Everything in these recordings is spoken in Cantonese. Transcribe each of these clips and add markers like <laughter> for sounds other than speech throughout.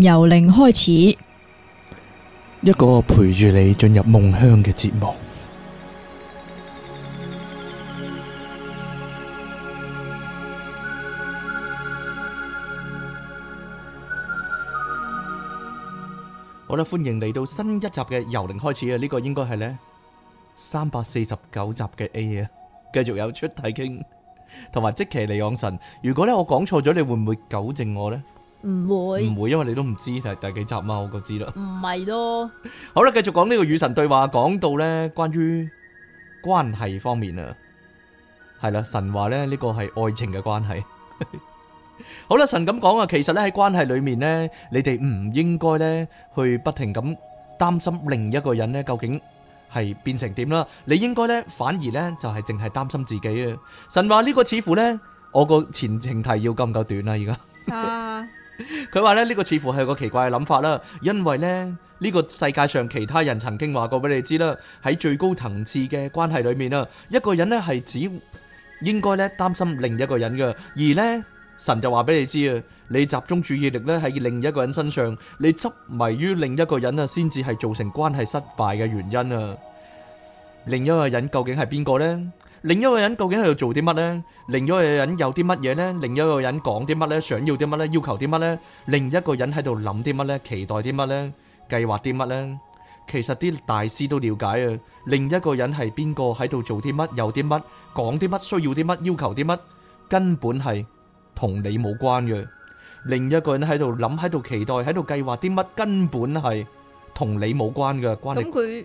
由零開始，一個陪住你進入夢鄉嘅節目。好啦，歡迎嚟到新一集嘅由零開始啊！呢個應該係呢三百四十九集嘅 A 啊，繼續有出題傾，同埋即期嚟與神。如果呢我講錯咗，你會唔會糾正我呢？唔會，唔會，因為你都唔知就係第幾集嘛，我個知啦。唔係咯。好啦，繼續講呢個與神對話，講到咧關於關係方面啊，係啦，神話咧呢個係愛情嘅關係。好啦，神咁講啊，其實咧喺關係裏面咧，你哋唔應該咧去不停咁擔心另一個人咧究竟係變成點啦。你應該咧反而咧就係淨係擔心自己啊。神話呢個似乎咧我個前情提要夠唔夠短啦，而家啊。佢話咧呢個似乎係個奇怪嘅諗法啦，因為呢，呢個世界上其他人曾經話過俾你知啦，喺最高層次嘅關係裏面啊，一個人呢係只應該咧擔心另一個人噶，而呢，神就話俾你知啊，你集中注意力咧喺另一個人身上，你執迷於另一個人啊，先至係造成關係失敗嘅原因啊。另一個人究竟係邊個呢？另一個人究竟喺度做啲乜呢？另一個人有啲乜嘢呢？另一個人講啲乜呢？想要啲乜呢？要求啲乜呢？另一個人喺度諗啲乜呢？期待啲乜呢？計劃啲乜呢？其實啲大師都了解啊，另一個人係邊個喺度做啲乜，有啲乜講啲乜，需要啲乜，要求啲乜，根本係同你冇關嘅。另一個人喺度諗，喺度期待，喺度計劃啲乜，根本係同你冇關嘅關係。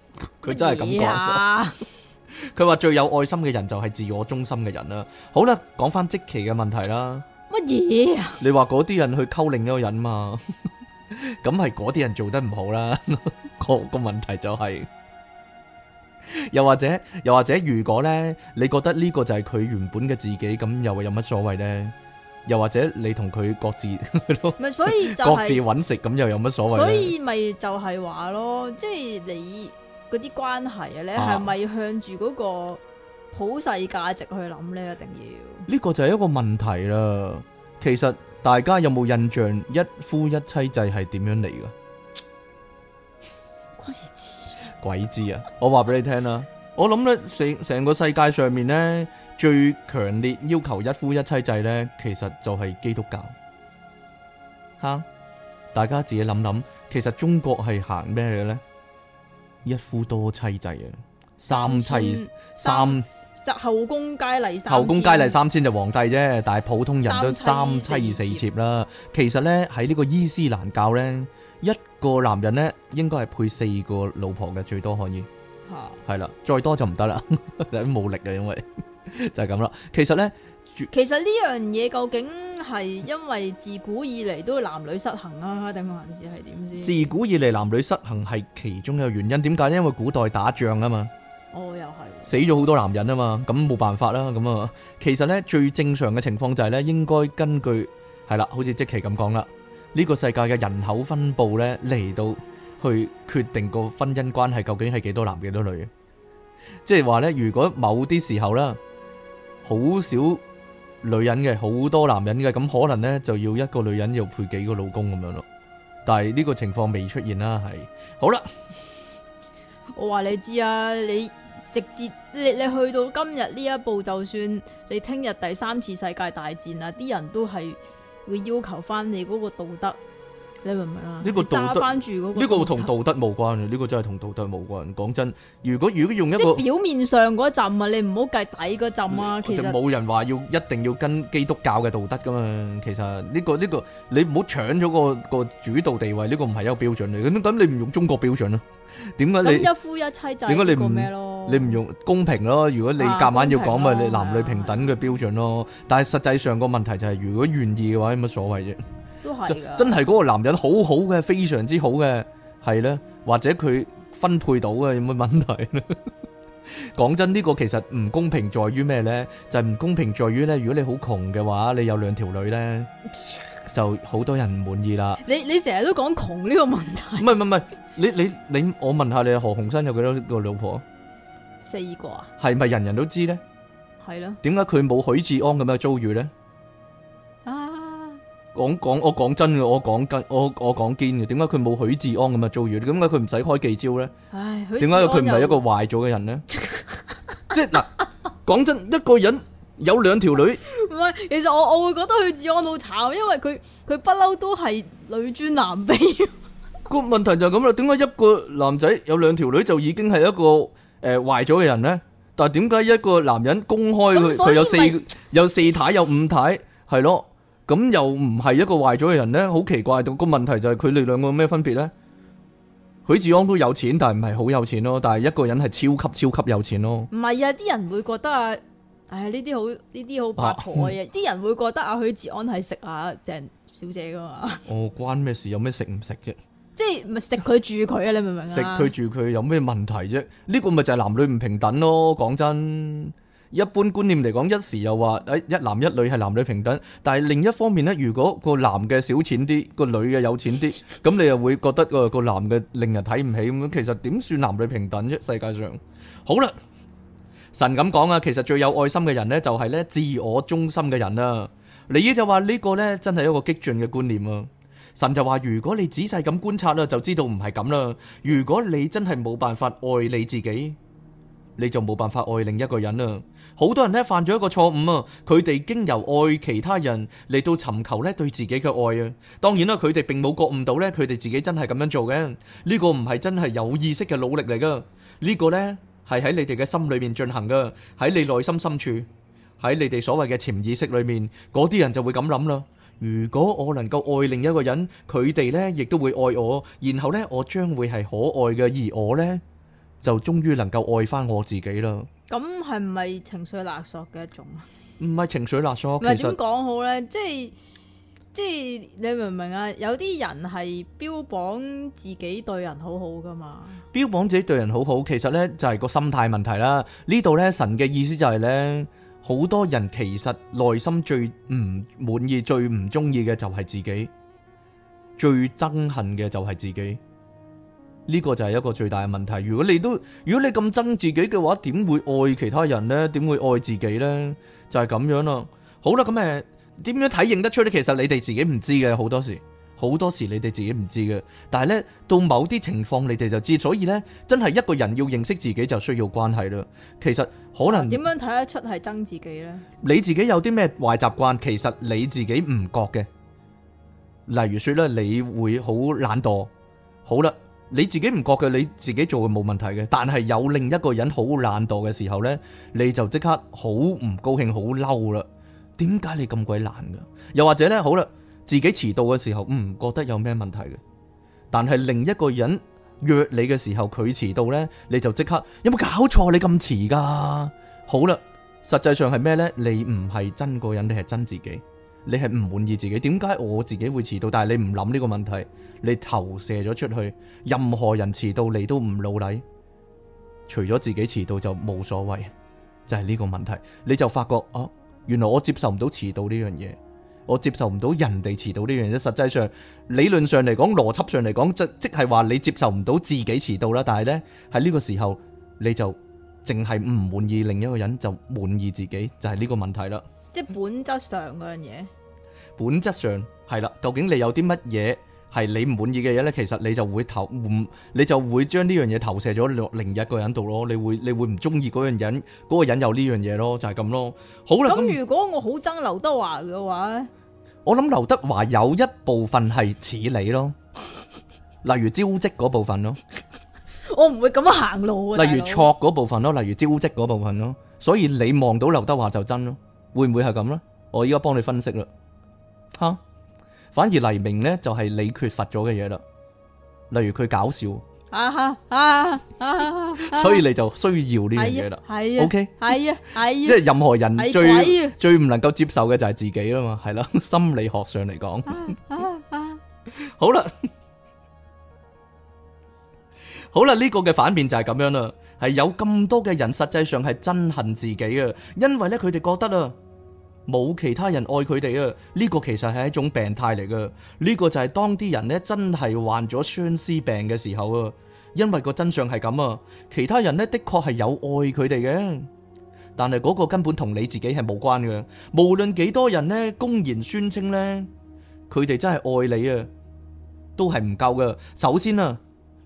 佢真係咁講，佢話 <laughs> 最有愛心嘅人就係自我中心嘅人啦。好啦，講翻積奇嘅問題啦，乜嘢啊？你話嗰啲人去溝另一個人嘛？咁係嗰啲人做得唔好啦。個 <laughs> 個問題就係、是，又或者又或者，如果呢，你覺得呢個就係佢原本嘅自己，咁又會有乜所謂呢？又或者你同佢各自咪所以就係、 <laughs> 各自搵食，咁又有乜所謂、就是？所以咪就係話咯，即、就、係、是、你。嗰啲關係啊，你係咪要向住嗰個普世價值去諗呢？一定要呢個就係一個問題啦。其實大家有冇印象一夫一妻制係點樣嚟噶？鬼知子鬼知啊！我話俾你聽啦， <laughs> 我諗咧成成個世界上面呢，最強烈要求一夫一妻制呢，其實就係基督教。吓，大家自己諗諗，其實中國係行咩嘅呢？一夫多妻制啊，三妻三,三後宮佳麗三千，後宮佳麗三千就皇帝啫，但係普通人都三妻四妾啦。妻妻其實咧喺呢個伊斯蘭教咧，一個男人咧應該係配四個老婆嘅，最多可以係啦、啊，再多就唔得啦，冇力嘅，因為就係咁啦。其實咧，其實呢樣嘢究竟？係因為自古以嚟都男女失衡啊，定還是係點先？自古以嚟男女失衡係其中一個原因，點解？因為古代打仗啊嘛，哦，又係死咗好多男人啊嘛，咁冇辦法啦。咁啊，其實呢，最正常嘅情況就係呢，應該根據係啦，好似積奇咁講啦，呢個世界嘅人口分布呢，嚟到去決定個婚姻關係究竟係幾多男幾多女。即係話呢，如果某啲時候啦，好少。女人嘅，好多男人嘅，咁可能呢，就要一個女人要配幾個老公咁樣咯，但係呢個情況未出現啦，係好啦，我話你知啊，你直接你你去到今日呢一步，就算你聽日第三次世界大戰啊，啲人都係會要求翻你嗰個道德。你明唔明啊？呢個道德呢個同道德無關嘅，呢個真係同道德無關。講真，道德無關真，如果如果用一個，即係表面上嗰浸啊，你唔好計底嗰浸啊。其實冇人話要一定要跟基督教嘅道德噶嘛。其實呢、這個呢、這個你唔好搶咗個個主導地位。呢、這個唔係一個標準嚟。咁咁你唔用中國標準啦？點解？你一夫一妻制過咩咯？你唔用公平咯？如果你夾硬要講咪、啊、你男女平等嘅標準咯。但係實際上個問題就係、是，如果願意嘅話，有乜所謂啫？都係真係嗰個男人好好嘅，非常之好嘅，係咧，或者佢分配到嘅，有冇問題咧？講 <laughs> 真，呢個其實唔公平，在於咩咧？就係唔公平，在於咧，如果你好窮嘅話，你有兩條女咧， <laughs> 就好多人唔滿意啦。你你成日都講窮呢個問題，唔係唔係唔係，你你你，我問下你何鴻燊有幾多個老婆？四個啊？係咪人人都知咧？係咯？點解佢冇許志安咁嘅遭遇咧？講講我講真嘅，我講緊我我講堅嘅，點解佢冇許志安咁嘅遭遇？點解佢唔使開記招咧？點解佢唔係一個壞咗嘅人咧？ <laughs> 即係嗱，講真，一個人有兩條女，唔係，其實我我會覺得許志安好慘，因為佢佢不嬲都係女尊男卑。個問題就係咁啦，點解一個男仔有兩條女就已經係一個誒壞咗嘅人咧？但係點解一個男人公開佢佢有四有四太有五太？係咯？咁又唔係一個壞咗嘅人呢？好奇怪！個問題就係佢哋兩個有咩分別呢？許志安都有錢，但係唔係好有錢咯。但係一個人係超級超級有錢咯。唔係啊，啲人會覺得啊，呢啲好呢啲好八婆嘅嘢。啲人會覺得啊，許志安係食下鄭小姐噶嘛、啊？ <laughs> 哦，關咩事？有咩食唔食啫？即係咪食佢住佢啊？你明唔明啊？食佢住佢有咩問題啫？呢、呢個咪就係男女唔平等咯？講真。一般觀念嚟講，一時又話誒，一男一女係男女平等。但係另一方面咧，如果個男嘅少錢啲，個女嘅有錢啲，咁你又會覺得個個男嘅令人睇唔起咁。其實點算男女平等啫？世界上好啦，神咁講啊，其實最有愛心嘅人咧就係咧自我中心嘅人啦。尼爾就話呢個咧真係一個激進嘅觀念啊。神就話，如果你仔細咁觀察啦，就知道唔係咁啦。如果你真係冇辦法愛你自己。你就冇辦法愛另一個人啦。好多人呢犯咗一個錯誤啊，佢哋經由愛其他人嚟到尋求呢對自己嘅愛啊。當然啦，佢哋並冇覺悟到呢，佢哋自己真係咁樣做嘅。呢個唔係真係有意識嘅努力嚟噶，呢個呢係喺你哋嘅心裏面進行噶，喺你內心深處，喺你哋所謂嘅潛意識裏面，嗰啲人就會咁諗啦。如果我能夠愛另一個人，佢哋呢亦都會愛我，然後呢我將會係可愛嘅，而我呢。就終於能夠愛翻我自己啦！咁係唔係情緒勒索嘅一種啊？唔係情緒勒索，唔係點講好呢？即係即係你明唔明啊？有啲人係標榜自己對人好好噶嘛？標榜自己對人好好，其實呢就係個心態問題啦。呢度呢，神嘅意思就係呢：好多人其實內心最唔滿意、最唔中意嘅就係自己，最憎恨嘅就係自己。呢個就係一個最大嘅問題。如果你都如果你咁憎自己嘅話，點會愛其他人呢？點會愛自己呢？就係咁樣啦。好啦，咁誒，點樣體認得出呢？其實你哋自己唔知嘅好多時，好多時你哋自己唔知嘅。但係呢，到某啲情況你哋就知。所以呢，真係一個人要認識自己就需要關係啦。其實可能點樣睇得出係憎自己呢？你自己有啲咩壞習慣？其實你自己唔覺嘅。例如說咧，你會好懶惰。好啦。你自己唔覺嘅，你自己做嘅冇問題嘅，但係有另一個人好懶惰嘅時候呢，你就即刻好唔高興，好嬲啦。點解你咁鬼懶噶？又或者呢？好啦，自己遲到嘅時候唔、嗯、覺得有咩問題嘅，但係另一個人約你嘅時候佢遲到呢，你就即刻有冇搞錯？你咁遲噶？好啦，實際上係咩呢？你唔係憎個人，你係憎自己。你係唔滿意自己，點解我自己會遲到？但係你唔諗呢個問題，你投射咗出去，任何人遲到你都唔老禮，除咗自己遲到就冇所謂，就係呢個問題。你就發覺哦，原來我接受唔到遲到呢樣嘢，我接受唔到人哋遲到呢樣嘢。實際上、理論上嚟講、邏輯上嚟講，即即係話你接受唔到自己遲到啦。但係呢，喺呢個時候你就淨係唔滿意另一個人，就滿意自己，就係呢個問題啦。即係本質上嗰樣嘢，本質上係啦。究竟你有啲乜嘢係你唔滿意嘅嘢咧？其實你就會投唔，你就會將呢樣嘢投射咗另一個人度咯。你會你會唔中意嗰樣人，嗰個人有呢樣嘢咯，就係咁咯。好啦，咁如果我好憎劉德華嘅話咧，我諗劉德華有一部分係似你咯，例如招積嗰部分咯，我唔會咁樣行路。例如挫嗰部分咯，例如招積嗰部分咯，所以你望到劉德華就真咯。會唔會係咁咧？我依家幫你分析啦，吓，反而黎明咧就係、是、你缺乏咗嘅嘢啦，例如佢搞笑，啊啊啊，啊 <laughs> 所以你就需要呢樣嘢啦，係啊，OK，係啊，係啊，即係任何人最、啊啊、最唔能夠接受嘅就係自己啊嘛，係啦，心理學上嚟講、 <laughs> 啊，啊啊、 <laughs> 好啦。好啦，呢個嘅反面就係咁樣啦，係有咁多嘅人實際上係憎恨自己啊，因為呢，佢哋覺得啊，冇其他人愛佢哋啊，呢個其實係一種病態嚟噶，呢個就係當啲人呢真係患咗相思病嘅時候啊，因為個真相係咁啊，其他人呢，的確係有愛佢哋嘅，但係嗰個根本同你自己係冇關嘅，無論幾多人呢，公然宣稱呢，佢哋真係愛你啊，都係唔夠嘅。首先啊。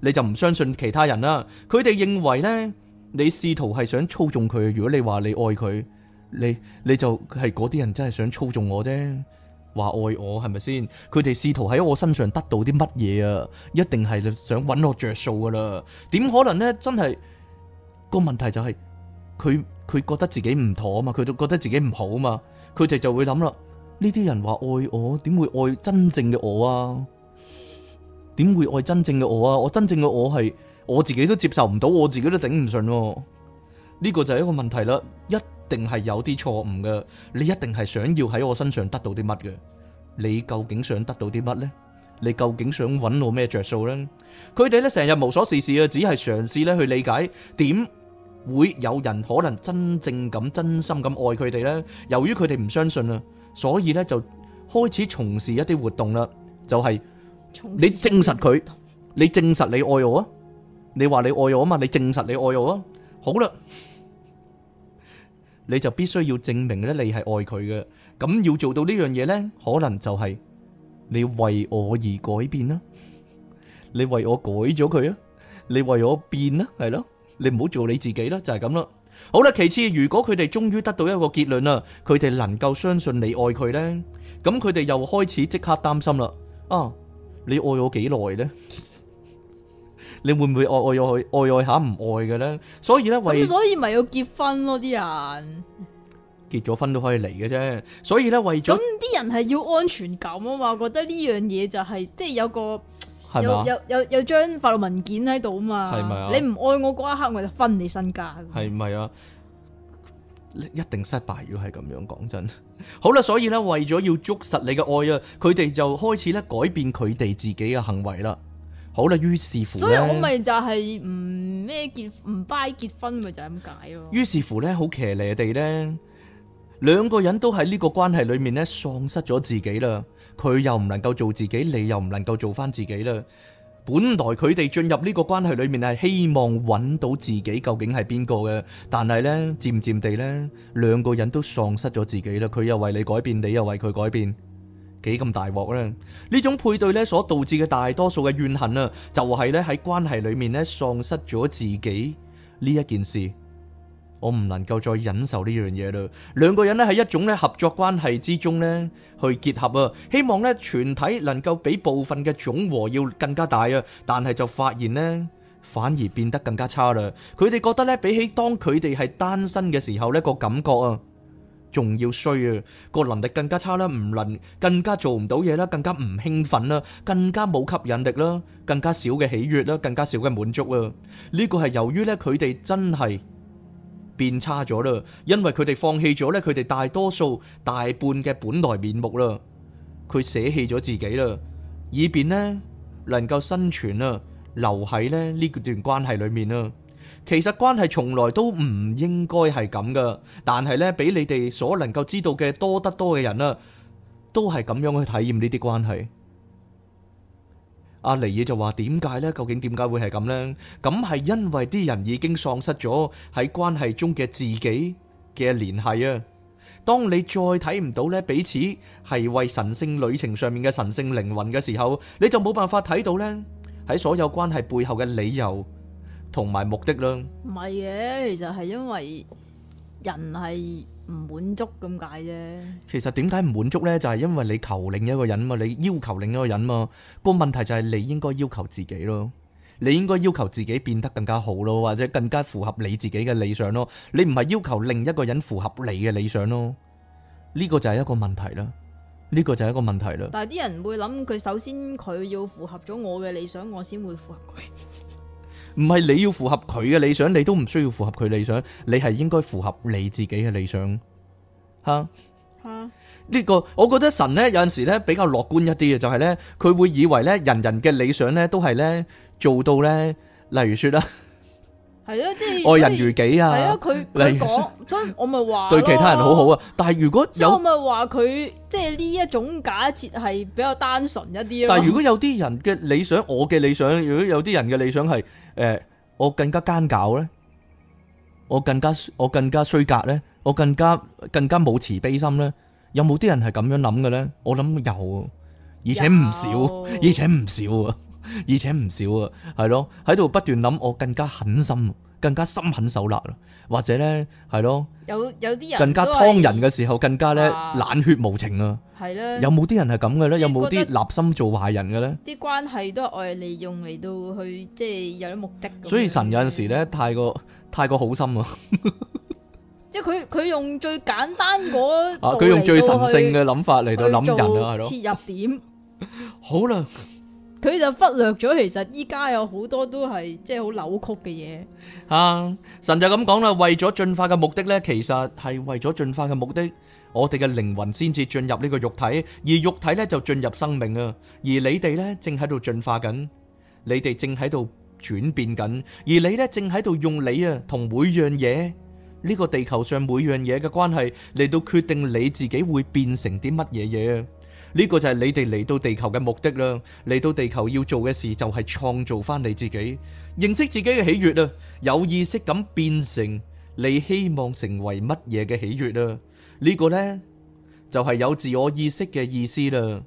你就唔相信其他人啦，佢哋認為呢，你試圖係想操縱佢。如果你話你愛佢，你你就係嗰啲人真係想操縱我啫，話愛我係咪先？佢哋試圖喺我身上得到啲乜嘢啊？一定係想揾我着數噶啦，點可能呢？真係個問題就係佢佢覺得自己唔妥啊嘛，佢都覺得自己唔好啊嘛，佢哋就會諗啦，呢啲人話愛我，點會愛真正嘅我啊？點會愛真正嘅我啊？我真正嘅我係我自己都接受唔到，我自己都頂唔順。呢個就係一個問題啦，一定係有啲錯誤嘅。你一定係想要喺我身上得到啲乜嘅？你究竟想得到啲乜呢？你究竟想揾我咩着數呢？佢哋咧成日無所事事啊，只係嘗試咧去理解點會有人可能真正咁真心咁愛佢哋呢？由於佢哋唔相信啊，所以咧就開始從事一啲活動啦，就係。你證實佢，你證實你愛我啊！你話你愛我啊嘛，你證實你愛我啊！好啦，你就必須要證明咧，你係愛佢嘅。咁要做到呢樣嘢呢，可能就係你為我而改變啦，你為我改咗佢啊，你為我變啦，係咯，你唔好做你自己啦，就係咁啦。好啦，其次，如果佢哋終於得到一個結論啦，佢哋能夠相信你愛佢呢，咁佢哋又開始即刻擔心啦啊！你愛我幾耐咧？ <laughs> 你會唔會愛愛愛愛愛下唔愛嘅咧？所以咧，為咁所以咪要結婚咯？啲人結咗婚都可以嚟嘅啫。所以咧，為咗咁，啲人係要安全感啊嘛？覺得呢樣嘢就係、是、即係有個有有有有張法律文件喺度啊嘛？係咪啊？你唔愛我嗰一刻我就分你身家，係唔係啊？一定失敗，如果係咁樣講真，好啦，所以咧為咗要捉實你嘅愛啊，佢哋就開始咧改變佢哋自己嘅行為啦。好啦，於是乎，所以我咪就係唔咩結唔拜結婚咪就係咁解咯。於是乎咧，好騎呢地咧，兩個人都喺呢個關係裏面咧喪失咗自己啦。佢又唔能夠做自己，你又唔能夠做返自己啦。本來佢哋進入呢個關係裏面係希望揾到自己究竟係邊個嘅，但係呢，漸漸地呢，兩個人都喪失咗自己啦。佢又為你改變，你又為佢改變，幾咁大鑊呢？呢種配對呢所導致嘅大多數嘅怨恨啊，就係呢喺關係裏面呢喪失咗自己呢一件事。我唔能夠再忍受呢樣嘢啦。兩個人咧喺一種咧合作關係之中咧去結合啊，希望呢全體能夠比部分嘅總和要更加大啊。但係就發現呢，反而變得更加差啦。佢哋覺得呢，比起當佢哋係單身嘅時候呢個感覺啊，仲要衰啊，個能力更加差啦，唔能更加做唔到嘢啦，更加唔興奮啦，更加冇吸引力啦，更加少嘅喜悅啦，更加少嘅滿足啊。呢個係由於呢，佢哋真係。變差咗啦，因為佢哋放棄咗咧，佢哋大多數大半嘅本來面目啦，佢捨棄咗自己啦，以便咧能夠生存啦，留喺咧呢段關係裏面啦。其實關係從來都唔應該係咁㗎，但係咧比你哋所能夠知道嘅多得多嘅人啦，都係咁樣去體驗呢啲關係。阿尼爾就話：點解呢？究竟點解會係咁呢？咁係因為啲人已經喪失咗喺關係中嘅自己嘅聯繫啊！當你再睇唔到呢，彼此係為神聖旅程上面嘅神聖靈魂嘅時候，你就冇辦法睇到呢喺所有關係背後嘅理由同埋目的啦。唔係嘅，其實係因為人係唔滿足咁解啫。其實點解唔滿足呢？就係因為你求另一個人嘛，你要求另一個人嘛。個問題就係你應該要求自己咯，你應該要求自己變得更加好咯，或者更加符合你自己嘅理想咯。你唔係要求另一個人符合你嘅理想咯。呢個就係一個問題啦。呢個就係一個問題啦。但係啲人會諗，佢首先佢要符合咗我嘅理想，我先會符合佢。 <laughs> 唔係你要符合佢嘅理想，你都唔需要符合佢理想，你係應該符合你自己嘅理想，吓吓。呢個我覺得神呢，有陣時呢比較樂觀一啲嘅，就係呢，佢會以為呢人人嘅理想呢都係呢做到呢，例如說啦。係咯，即係愛人如己啊！係咯，佢講，所以我咪話對其他人好好啊。但係如果有，我咪話佢即係呢一種假設係比較單純一啲咯。但係如果有啲人嘅理想，我嘅理想，如果有啲人嘅理想係誒、欸，我更加奸狡咧，我更加我更加衰格咧，我更加更加冇慈悲心咧，有冇啲人係咁樣諗嘅咧？我諗有，而且唔少有，而且唔少啊！而且唔少啊，係咯，喺度不斷諗我更加狠心，更加心狠手辣咯，或者咧，係咯，有有啲人更加劏人嘅時候是更加咧冷血無情啊，係啦，有冇啲人係咁嘅咧？有冇啲立心做壞人嘅咧？啲關係都係愛利用嚟到去，即係有啲目的，的。所以神有陣時咧的太過太過好心啊， <laughs> 即係佢佢用最簡單嘅、啊，佢用最神聖嘅諗法嚟到諗人啊，係咯，切入點 <laughs> <laughs> 好啦。佢就忽略咗，其實依家有好多都係即係好扭曲嘅嘢。啊，神就咁講啦，為咗進化嘅目的呢，其實係為咗進化嘅目的，我哋嘅靈魂先至進入呢個肉體，而肉體呢就進入生命啊。而你哋呢正喺度進化緊，你哋正喺度轉變緊，而你呢正喺度用你啊同每樣嘢呢個地球上每樣嘢嘅關係嚟到決定你自己會變成啲乜嘢嘢啊！呢個就係你哋嚟到地球嘅目的啦，嚟到地球要做嘅事就係創造翻你自己，認識自己嘅喜悅啦，有意識咁變成你希望成為乜嘢嘅喜悅啦。呢個呢，就係有自我意識嘅意思啦。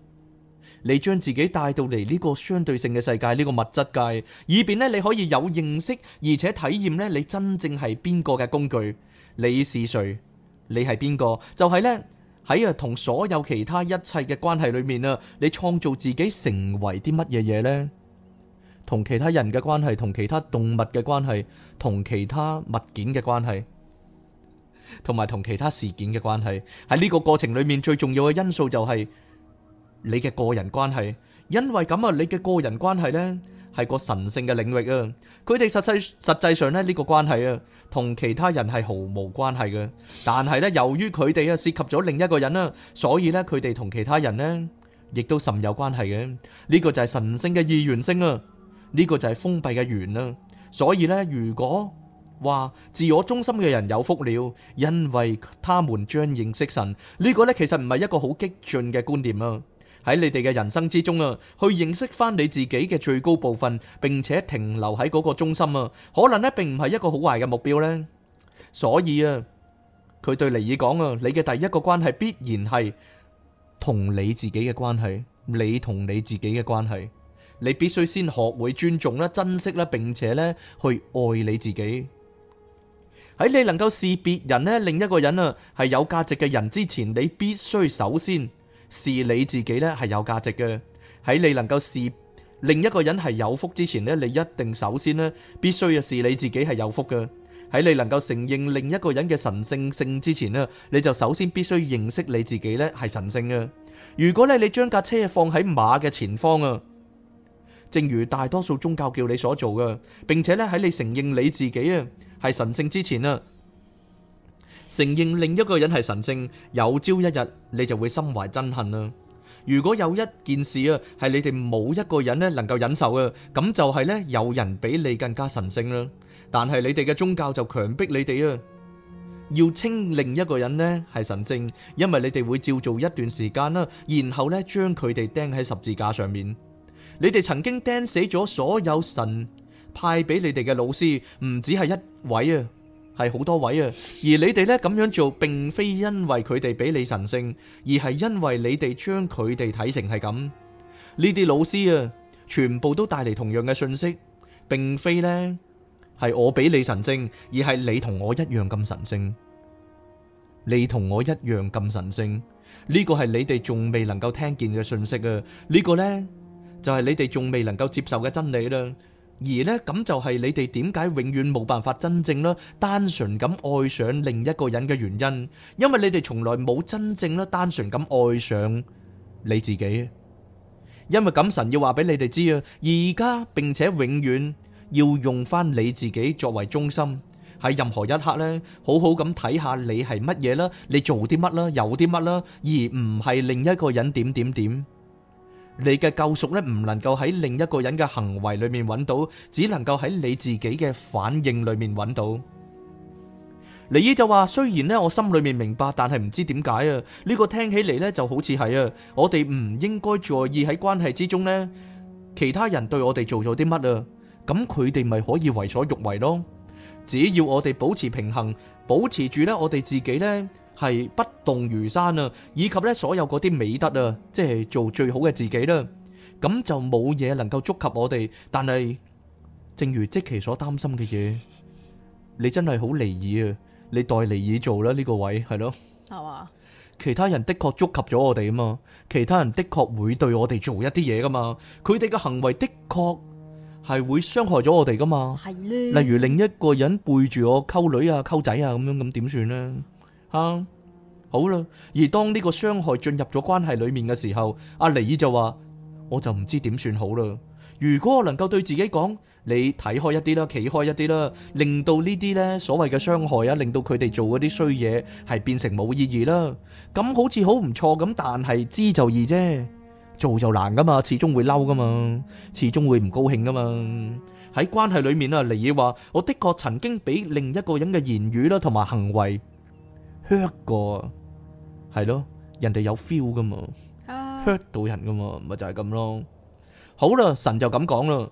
你將自己帶到嚟呢個相對性嘅世界，呢個物質界，以便咧你可以有認識而且體驗咧你真正係邊個嘅工具，你是誰，你係邊個，就係呢。喺啊，同所有其他一切嘅關係裏面啊，你創造自己成為啲乜嘢嘢呢？同其他人嘅關係，同其他動物嘅關係，同其他物件嘅關係，同埋同其他事件嘅關係，喺呢個過程裏面最重要嘅因素就係你嘅個人關係，因為咁啊，你嘅個人關係呢，係個神聖嘅領域啊！佢哋實際實際上呢，呢個關係啊，同其他人係毫無關係嘅。但係呢，由於佢哋啊涉及咗另一個人啦，所以呢，佢哋同其他人呢亦都甚有關係嘅。呢個就係神聖嘅意願性啊！呢個就係封閉嘅緣啦。所以呢，如果話自我中心嘅人有福了，因為他們將認識神。呢個呢，其實唔係一個好激進嘅觀念啊。喺你哋嘅人生之中啊，去認識返你自己嘅最高部分，並且停留喺嗰個中心啊，可能呢並唔係一個好壞嘅目標呢。所以啊，佢對尼爾講啊，你嘅第一個關係必然係同你自己嘅關係，你同你自己嘅關係，你必須先學會尊重啦、珍惜啦，並且呢去愛你自己。喺你能夠視別人呢，另一個人啊係有價值嘅人之前，你必須首先。視你自己咧係有價值嘅，喺你能夠視另一個人係有福之前咧，你一定首先咧必須啊視你自己係有福嘅，喺你能夠承認另一個人嘅神聖性之前咧，你就首先必須認識你自己咧係神聖嘅。如果咧你將架車啊放喺馬嘅前方啊，正如大多數宗教叫你所做嘅，並且咧喺你承認你自己啊係神聖之前啊，承認另一個人係神聖，有朝一日你就會心懷憎恨啦。如果有一件事啊，係你哋冇一個人呢能夠忍受嘅，咁就係咧有人比你更加神聖啦。但係你哋嘅宗教就強迫你哋啊，要稱另一個人呢係神聖，因為你哋會照做一段時間啦，然後咧將佢哋釘喺十字架上面。你哋曾經釘死咗所有神派俾你哋嘅老師，唔止係一位啊。係好多位啊，而你哋呢咁樣做，並非因為佢哋比你神聖，而係因為你哋將佢哋睇成係咁。呢啲老師啊，全部都帶嚟同樣嘅信息，並非呢係我比你神聖，而係你同我一樣咁神聖。你同我一樣咁神聖，呢個係你哋仲未能夠聽見嘅信息啊！呢個呢就係你哋仲未能夠接受嘅真理啦。而呢咁就係你哋點解永遠冇辦法真正啦，單純咁愛上另一個人嘅原因，因為你哋從來冇真正啦，單純咁愛上你自己。因為咁神要話俾你哋知啊，而家並且永遠要用翻你自己作為中心，喺任何一刻呢，好好咁睇下你係乜嘢啦，你做啲乜啦，有啲乜啦，而唔係另一個人點點點。你嘅救贖咧，唔能夠喺另一個人嘅行為裏面揾到，只能夠喺你自己嘅反應裏面揾到。尼爾就話：雖然咧，我心裏面明白，但係唔知點解啊？呢個聽起嚟咧，就好似係啊！我哋唔應該在意喺關係之中咧，其他人對我哋做咗啲乜啊？咁佢哋咪可以為所欲為咯？只要我哋保持平衡，保持住咧，我哋自己咧。係不動如山啊，以及呢所有嗰啲美德啊，即係做最好嘅自己啦。咁就冇嘢能夠觸及我哋。但係，正如積奇所擔心嘅嘢，你真係好離異啊！你代離異做啦，呢個位係咯係啊。其他人的確觸及咗我哋啊嘛，其他人的確會對我哋做一啲嘢噶嘛。佢哋嘅行為的確係會傷害咗我哋噶嘛。係咧，例如另一個人背住我溝女啊、溝仔啊，咁樣咁點算呢？啊，好啦，而當呢個傷害進入咗關係裏面嘅時候，阿、啊、尼爾就話：我就唔知點算好啦。如果我能夠對自己講，你睇開一啲啦，企開一啲啦，令到呢啲呢所謂嘅傷害啊，令到佢哋做嗰啲衰嘢係變成冇意義啦，咁好似好唔錯咁，但係知就易啫，做就難噶嘛，始終會嬲噶嘛，始終會唔高興噶嘛。喺關係裏面啊，尼爾話：我的確曾經俾另一個人嘅言語啦，同埋行為。Hurt 過，係咯，人哋有 feel 噶嘛，Hurt 到人噶嘛，咪就係咁咯。好啦，神就咁講啦，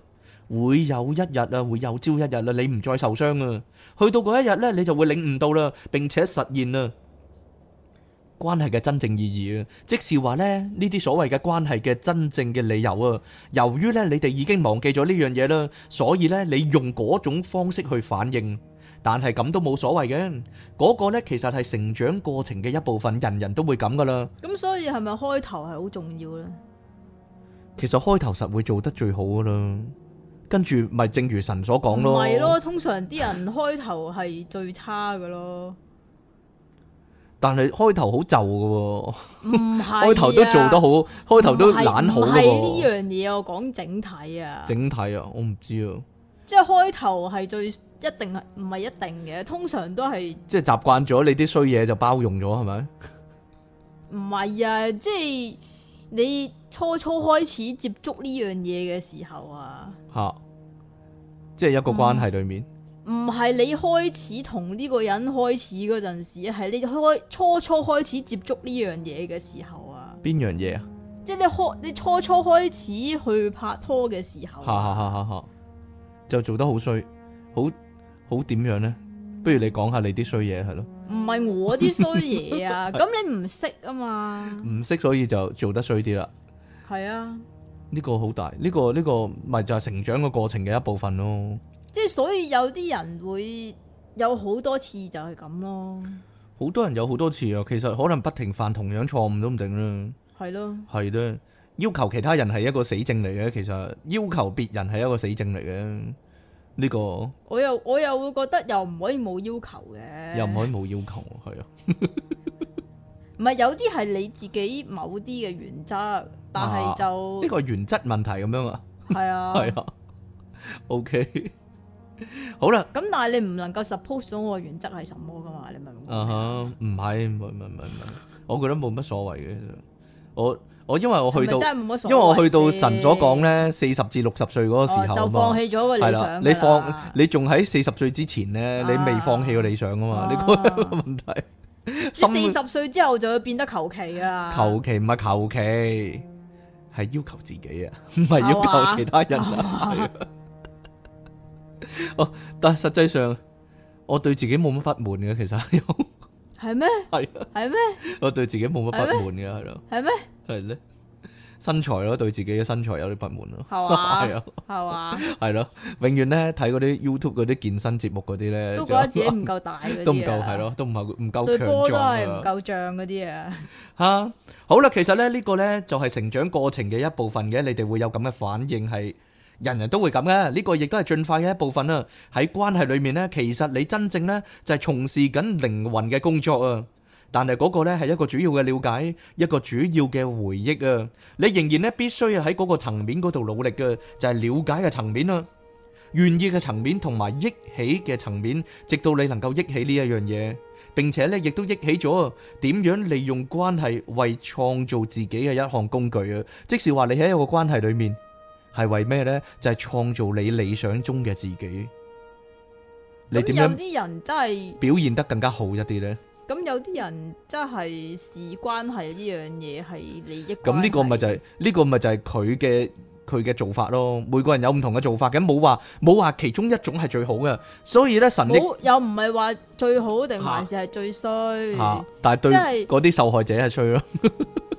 會有一日啊，會有朝一日啦，你唔再受傷啊。去到嗰一日咧，你就會領悟到啦，並且實現啦關係嘅真正意義啊，即是話咧，呢啲所謂嘅關係嘅真正嘅理由啊。由於咧你哋已經忘記咗呢樣嘢啦，所以咧你用嗰種方式去反應。但係咁都冇所謂嘅，嗰個呢其實係成長過程嘅一部分，人人都會咁噶啦。咁所以係咪開頭係好重要呢？其實開頭實會做得最好噶啦，跟住咪正如神所講咯。咪咯，通常啲人開頭係最差噶咯。但係開頭好就噶喎，開頭都做得好，開頭都懶好。係呢樣嘢我講整體啊，整體啊，我唔知啊，即係開頭係最。一定唔係一定嘅，通常都係即係習慣咗你啲衰嘢就包容咗，係咪？唔係 <laughs> 啊，即係你初初開始接觸呢樣嘢嘅時候啊。吓、啊，即係一個關係裏面。唔係、嗯、你開始同呢個人開始嗰陣時，係你開初初開始接觸呢樣嘢嘅時候啊。邊樣嘢啊？即係你開你初初開始去拍拖嘅時候、啊。吓吓吓吓吓！就做得好衰，好。好點樣呢？不如你講下你啲衰嘢係咯，唔係我啲衰嘢啊！咁 <laughs> 是你唔識啊嘛，唔識所以就做得衰啲啦。係啊，呢個好大，呢、呢個呢、呢個咪就係成長嘅過程嘅一部分咯。即係所以有啲人會有好多次就係咁咯。好多人有好多次啊，其實可能不停犯同樣錯誤都唔定啦。係咯、啊，係咧。要求其他人係一個死症嚟嘅，其實要求別人係一個死症嚟嘅。呢、這個我又我又會覺得又唔可以冇要求嘅，又唔可以冇要求，係啊，唔 <laughs> 係有啲係你自己某啲嘅原則，但係就呢、啊這個原則問題咁樣啊，係啊的，係啊 <laughs> 的，OK， <laughs> 好啦了，咁但係你唔能夠 suppose 到我嘅原則係什麼噶嘛？你明唔明啊？唔係唔係唔係唔係唔係，huh, <laughs> 我覺得冇乜所謂嘅，我。我因為我去到，是是真因為我去到神所講咧，四十至六十歲嗰個時候、哦，就放棄咗個理想啦。係啦，你放，你仲喺四十歲之前咧，啊、你未放棄個理想啊嘛？啊你個問題，你四十歲之後就會變得求其啊。求其唔係求其，係要求自己啊，唔係要求其他人啊，啊。哦， <laughs> 但實際上，我對自己冇乜不滿嘅，其實。係咩？係啊！係咩？我對自己冇乜不滿嘅，係咯。係咩？係咧，身材咯，對自己嘅身材有啲不滿咯。係啊，係嘛？係咯，永遠咧睇嗰啲 YouTube 嗰啲健身節目嗰啲咧，都覺得自己唔夠大，都唔夠，係咯，都唔係唔夠強壯，都係唔夠脹嗰啲啊。吓，好啦，其實咧呢個咧就係成長過程嘅一部分嘅，你哋會有咁嘅反應係。人人都會咁嘅，呢個亦都係進化嘅一部分啊！喺關係裏面咧，其實你真正咧就係從事緊靈魂嘅工作啊！但係嗰個咧係一個主要嘅了解，一個主要嘅回憶啊！你仍然咧必須要喺嗰個層面嗰度努力嘅，就係了解嘅層面啊、願意嘅層面同埋憶起嘅層面，直到你能夠憶起呢一樣嘢，並且咧亦都憶起咗點樣利用關係為創造自己嘅一項工具啊！即使話你喺一個關係裏面。係為咩咧？就係、是、創造你理想中嘅自己。你點樣？有啲人真係表現得更加好一啲咧。咁有啲人真係事關係呢樣嘢係利益。咁呢個咪就係、是、呢、這個咪就係佢嘅佢嘅做法咯。每個人有唔同嘅做法嘅，冇話冇話其中一種係最好嘅。所以咧神亦又唔係話最好定還是係最衰。吓、啊啊，但係對嗰啲是受害者係衰咯。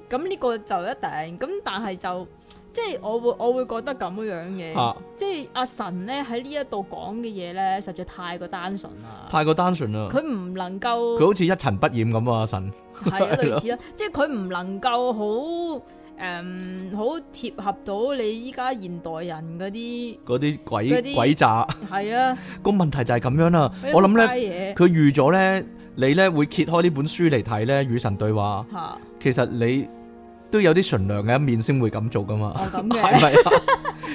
咁 <laughs> 呢個就一定。咁但係就。即係我會我會覺得咁樣嘅，即係阿神咧喺呢一度講嘅嘢咧，實在太過單純啦，太過單純啦，佢唔能夠，佢好似一塵不染咁啊！阿神係啊，類似啊，即係佢唔能夠好誒，好貼合到你依家現代人嗰啲嗰啲鬼鬼詐係啊，個問題就係咁樣啦，我諗咧佢預咗咧你咧會揭開呢本書嚟睇咧與神對話，其實你。都有啲純良嘅一面先會咁做噶嘛，係咪啊？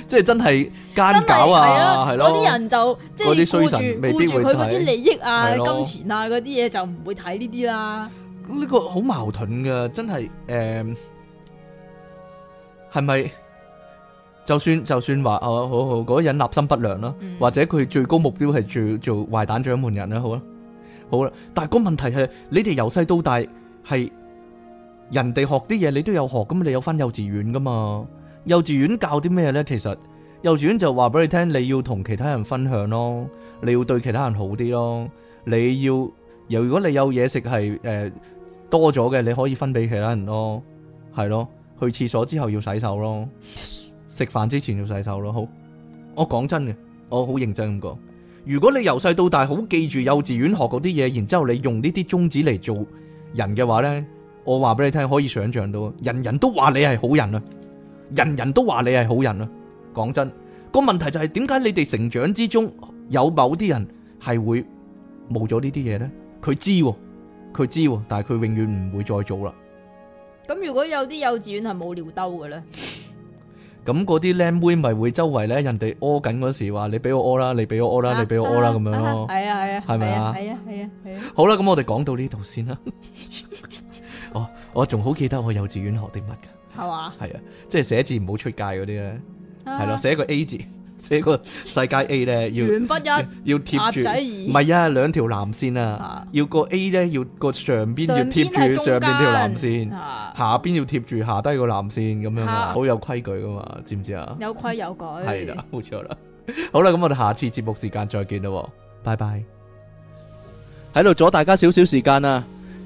即係真係奸狡啊，係咯？嗰啲人就即係顧住，顧住佢嗰啲利益啊、金錢啊嗰啲嘢，就唔會睇呢啲啦。呢個好矛盾噶，真係誒，係咪？就算就算話哦，嗰人立心不良啦，或者佢最高目標係做做壞蛋掌門人啦，好啦，好啦。但係個問題係，你哋由細到大係。人哋學啲嘢，你都有學，咁你有翻幼稚園㗎嘛？幼稚園教啲咩呢？其實幼稚園就話俾你聽，你要同其他人分享咯，你要對其他人好啲咯，你要如果你有嘢食係誒、呃、多咗嘅，你可以分俾其他人咯，係咯。去廁所之後要洗手咯，食飯之前要洗手咯。好，我講真嘅，我好認真咁講。如果你由細到大好記住幼稚園學嗰啲嘢，然之後你用呢啲宗旨嚟做人嘅話呢。我話俾你聽，可以想象到，人人都話你係好人啊，人人都話你係好人啊。講真，個問題就係點解你哋成長之中有某啲人係會冇咗呢啲嘢咧？佢知，佢知，但係佢永遠唔會再做啦。咁如果有啲幼稚園係冇尿兜嘅咧，咁嗰啲靚妹咪會周圍咧，人哋屙緊嗰時話你俾我屙啦，你俾我屙啦，你俾我屙啦咁樣咯。係啊係啊，係咪啊？係啊係啊係。啊啊啊啊啊啊啊啊啊好啦，啊，咁我哋講到呢度先啦。哦、我我仲好記得我幼稚園學啲乜噶，係啊，係啊，即係寫字唔好出界嗰啲咧，係咯，寫一個 A 字，寫個世界 A 咧，要，筆 <laughs> 一，要貼住，唔係啊，兩條藍線啊，啊要個 A 咧，要個上邊要貼住上邊條藍線，啊，下邊要貼住下低個藍線，咁樣啊，好，啊，有規矩噶嘛，知唔知啊？有規有改，係， <laughs> 啊，啦，冇錯啦。好啦，咁我哋下次節目時間再見啦，拜拜。喺度阻大家少少時間啊！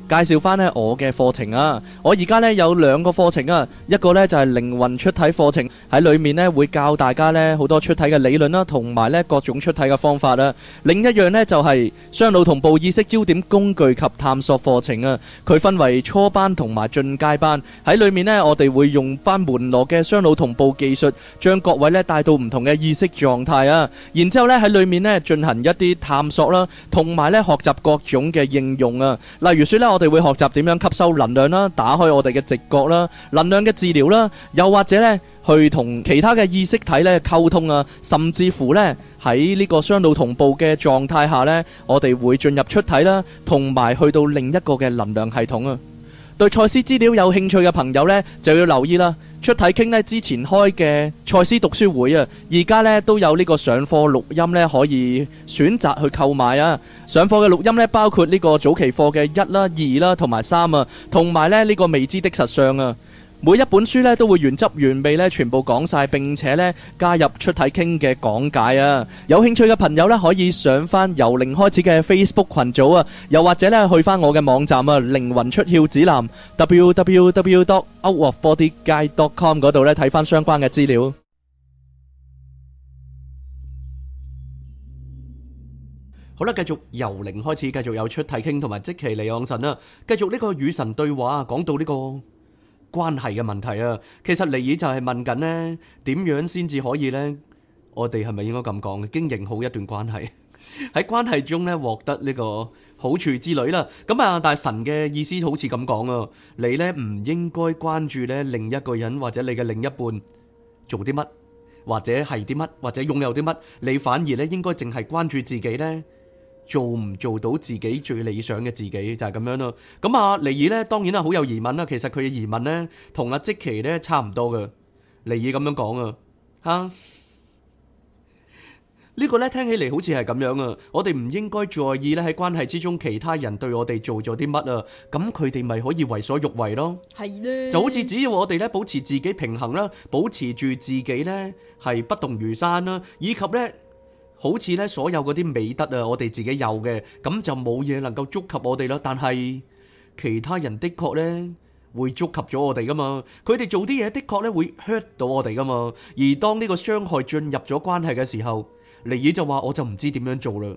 介紹翻呢我嘅課程啊！我而家呢有兩個課程啊，一個呢就係靈魂出體課程，喺裏面呢會教大家呢好多出體嘅理論啦，同埋呢各種出體嘅方法啦。另一樣呢就係雙腦同步意識焦點工具及探索課程啊。佢分為初班同埋進階班，喺裏面呢我哋會用返門羅嘅雙腦同步技術，將各位呢帶到唔同嘅意識狀態啊。然之後呢喺裏面呢進行一啲探索啦，同埋呢學習各種嘅應用啊。例如説呢我，我哋會學習點樣吸收能量啦，打開我哋嘅直覺啦，能量嘅治療啦，又或者呢去同其他嘅意識體咧溝通啊，甚至乎呢喺呢個雙腦同步嘅狀態下呢，我哋會進入出體啦，同埋去到另一個嘅能量系統啊。對賽斯資料有興趣嘅朋友呢，就要留意啦。出體傾呢之前開嘅賽斯讀書會啊，而家呢都有呢個上課錄音呢，可以選擇去購買啊。上課嘅錄音呢，包括呢個早期課嘅一啦、二啦同埋三啊，同埋咧呢個未知的實相啊。每一本書咧都會原汁原味咧全部講晒，並且咧加入出體傾嘅講解啊！有興趣嘅朋友咧可以上翻由零開始嘅 Facebook 群組啊，又或者咧去翻我嘅網站啊，靈魂出竅指南 www.outofbodyguide.com 嗰度咧睇翻相關嘅資料。好啦，繼續由零開始，繼續有出體傾同埋即其嚟往神啊！繼續呢個與神對話啊，講到呢個關係嘅問題啊，其實尼爾就係問緊咧點樣先至可以咧？我哋係咪應該咁講經營好一段關係喺關係中咧獲得呢個好處之類啦？咁啊，但係神嘅意思好似咁講啊，你咧唔應該關注咧另一個人或者你嘅另一半做啲乜，或者係啲乜，或者擁有啲乜，你反而咧應該淨係關注自己咧。做唔做到自己最理想嘅自己就係咁樣咯。咁啊，尼爾咧當然啦，好有疑問啦。其實佢嘅疑問咧同阿積奇咧差唔多嘅。尼爾咁樣講啊，吓呢個咧聽起嚟好似係咁樣啊。我哋唔應該在意咧喺關係之中其他人對我哋做咗啲乜啊。咁佢哋咪可以為所欲為咯。係咧，就好似只要我哋咧保持自己平衡啦，保持住自己咧係不動如山啦，以及咧。好似咧，所有嗰啲美德啊，我哋自己有嘅，咁就冇嘢能夠觸及我哋咯。但係其他人的確咧會觸及咗我哋噶嘛，佢哋做啲嘢的確咧會 hurt 到我哋噶嘛。而當呢個傷害進入咗關係嘅時候，尼爾就話：我就唔知點樣做啦。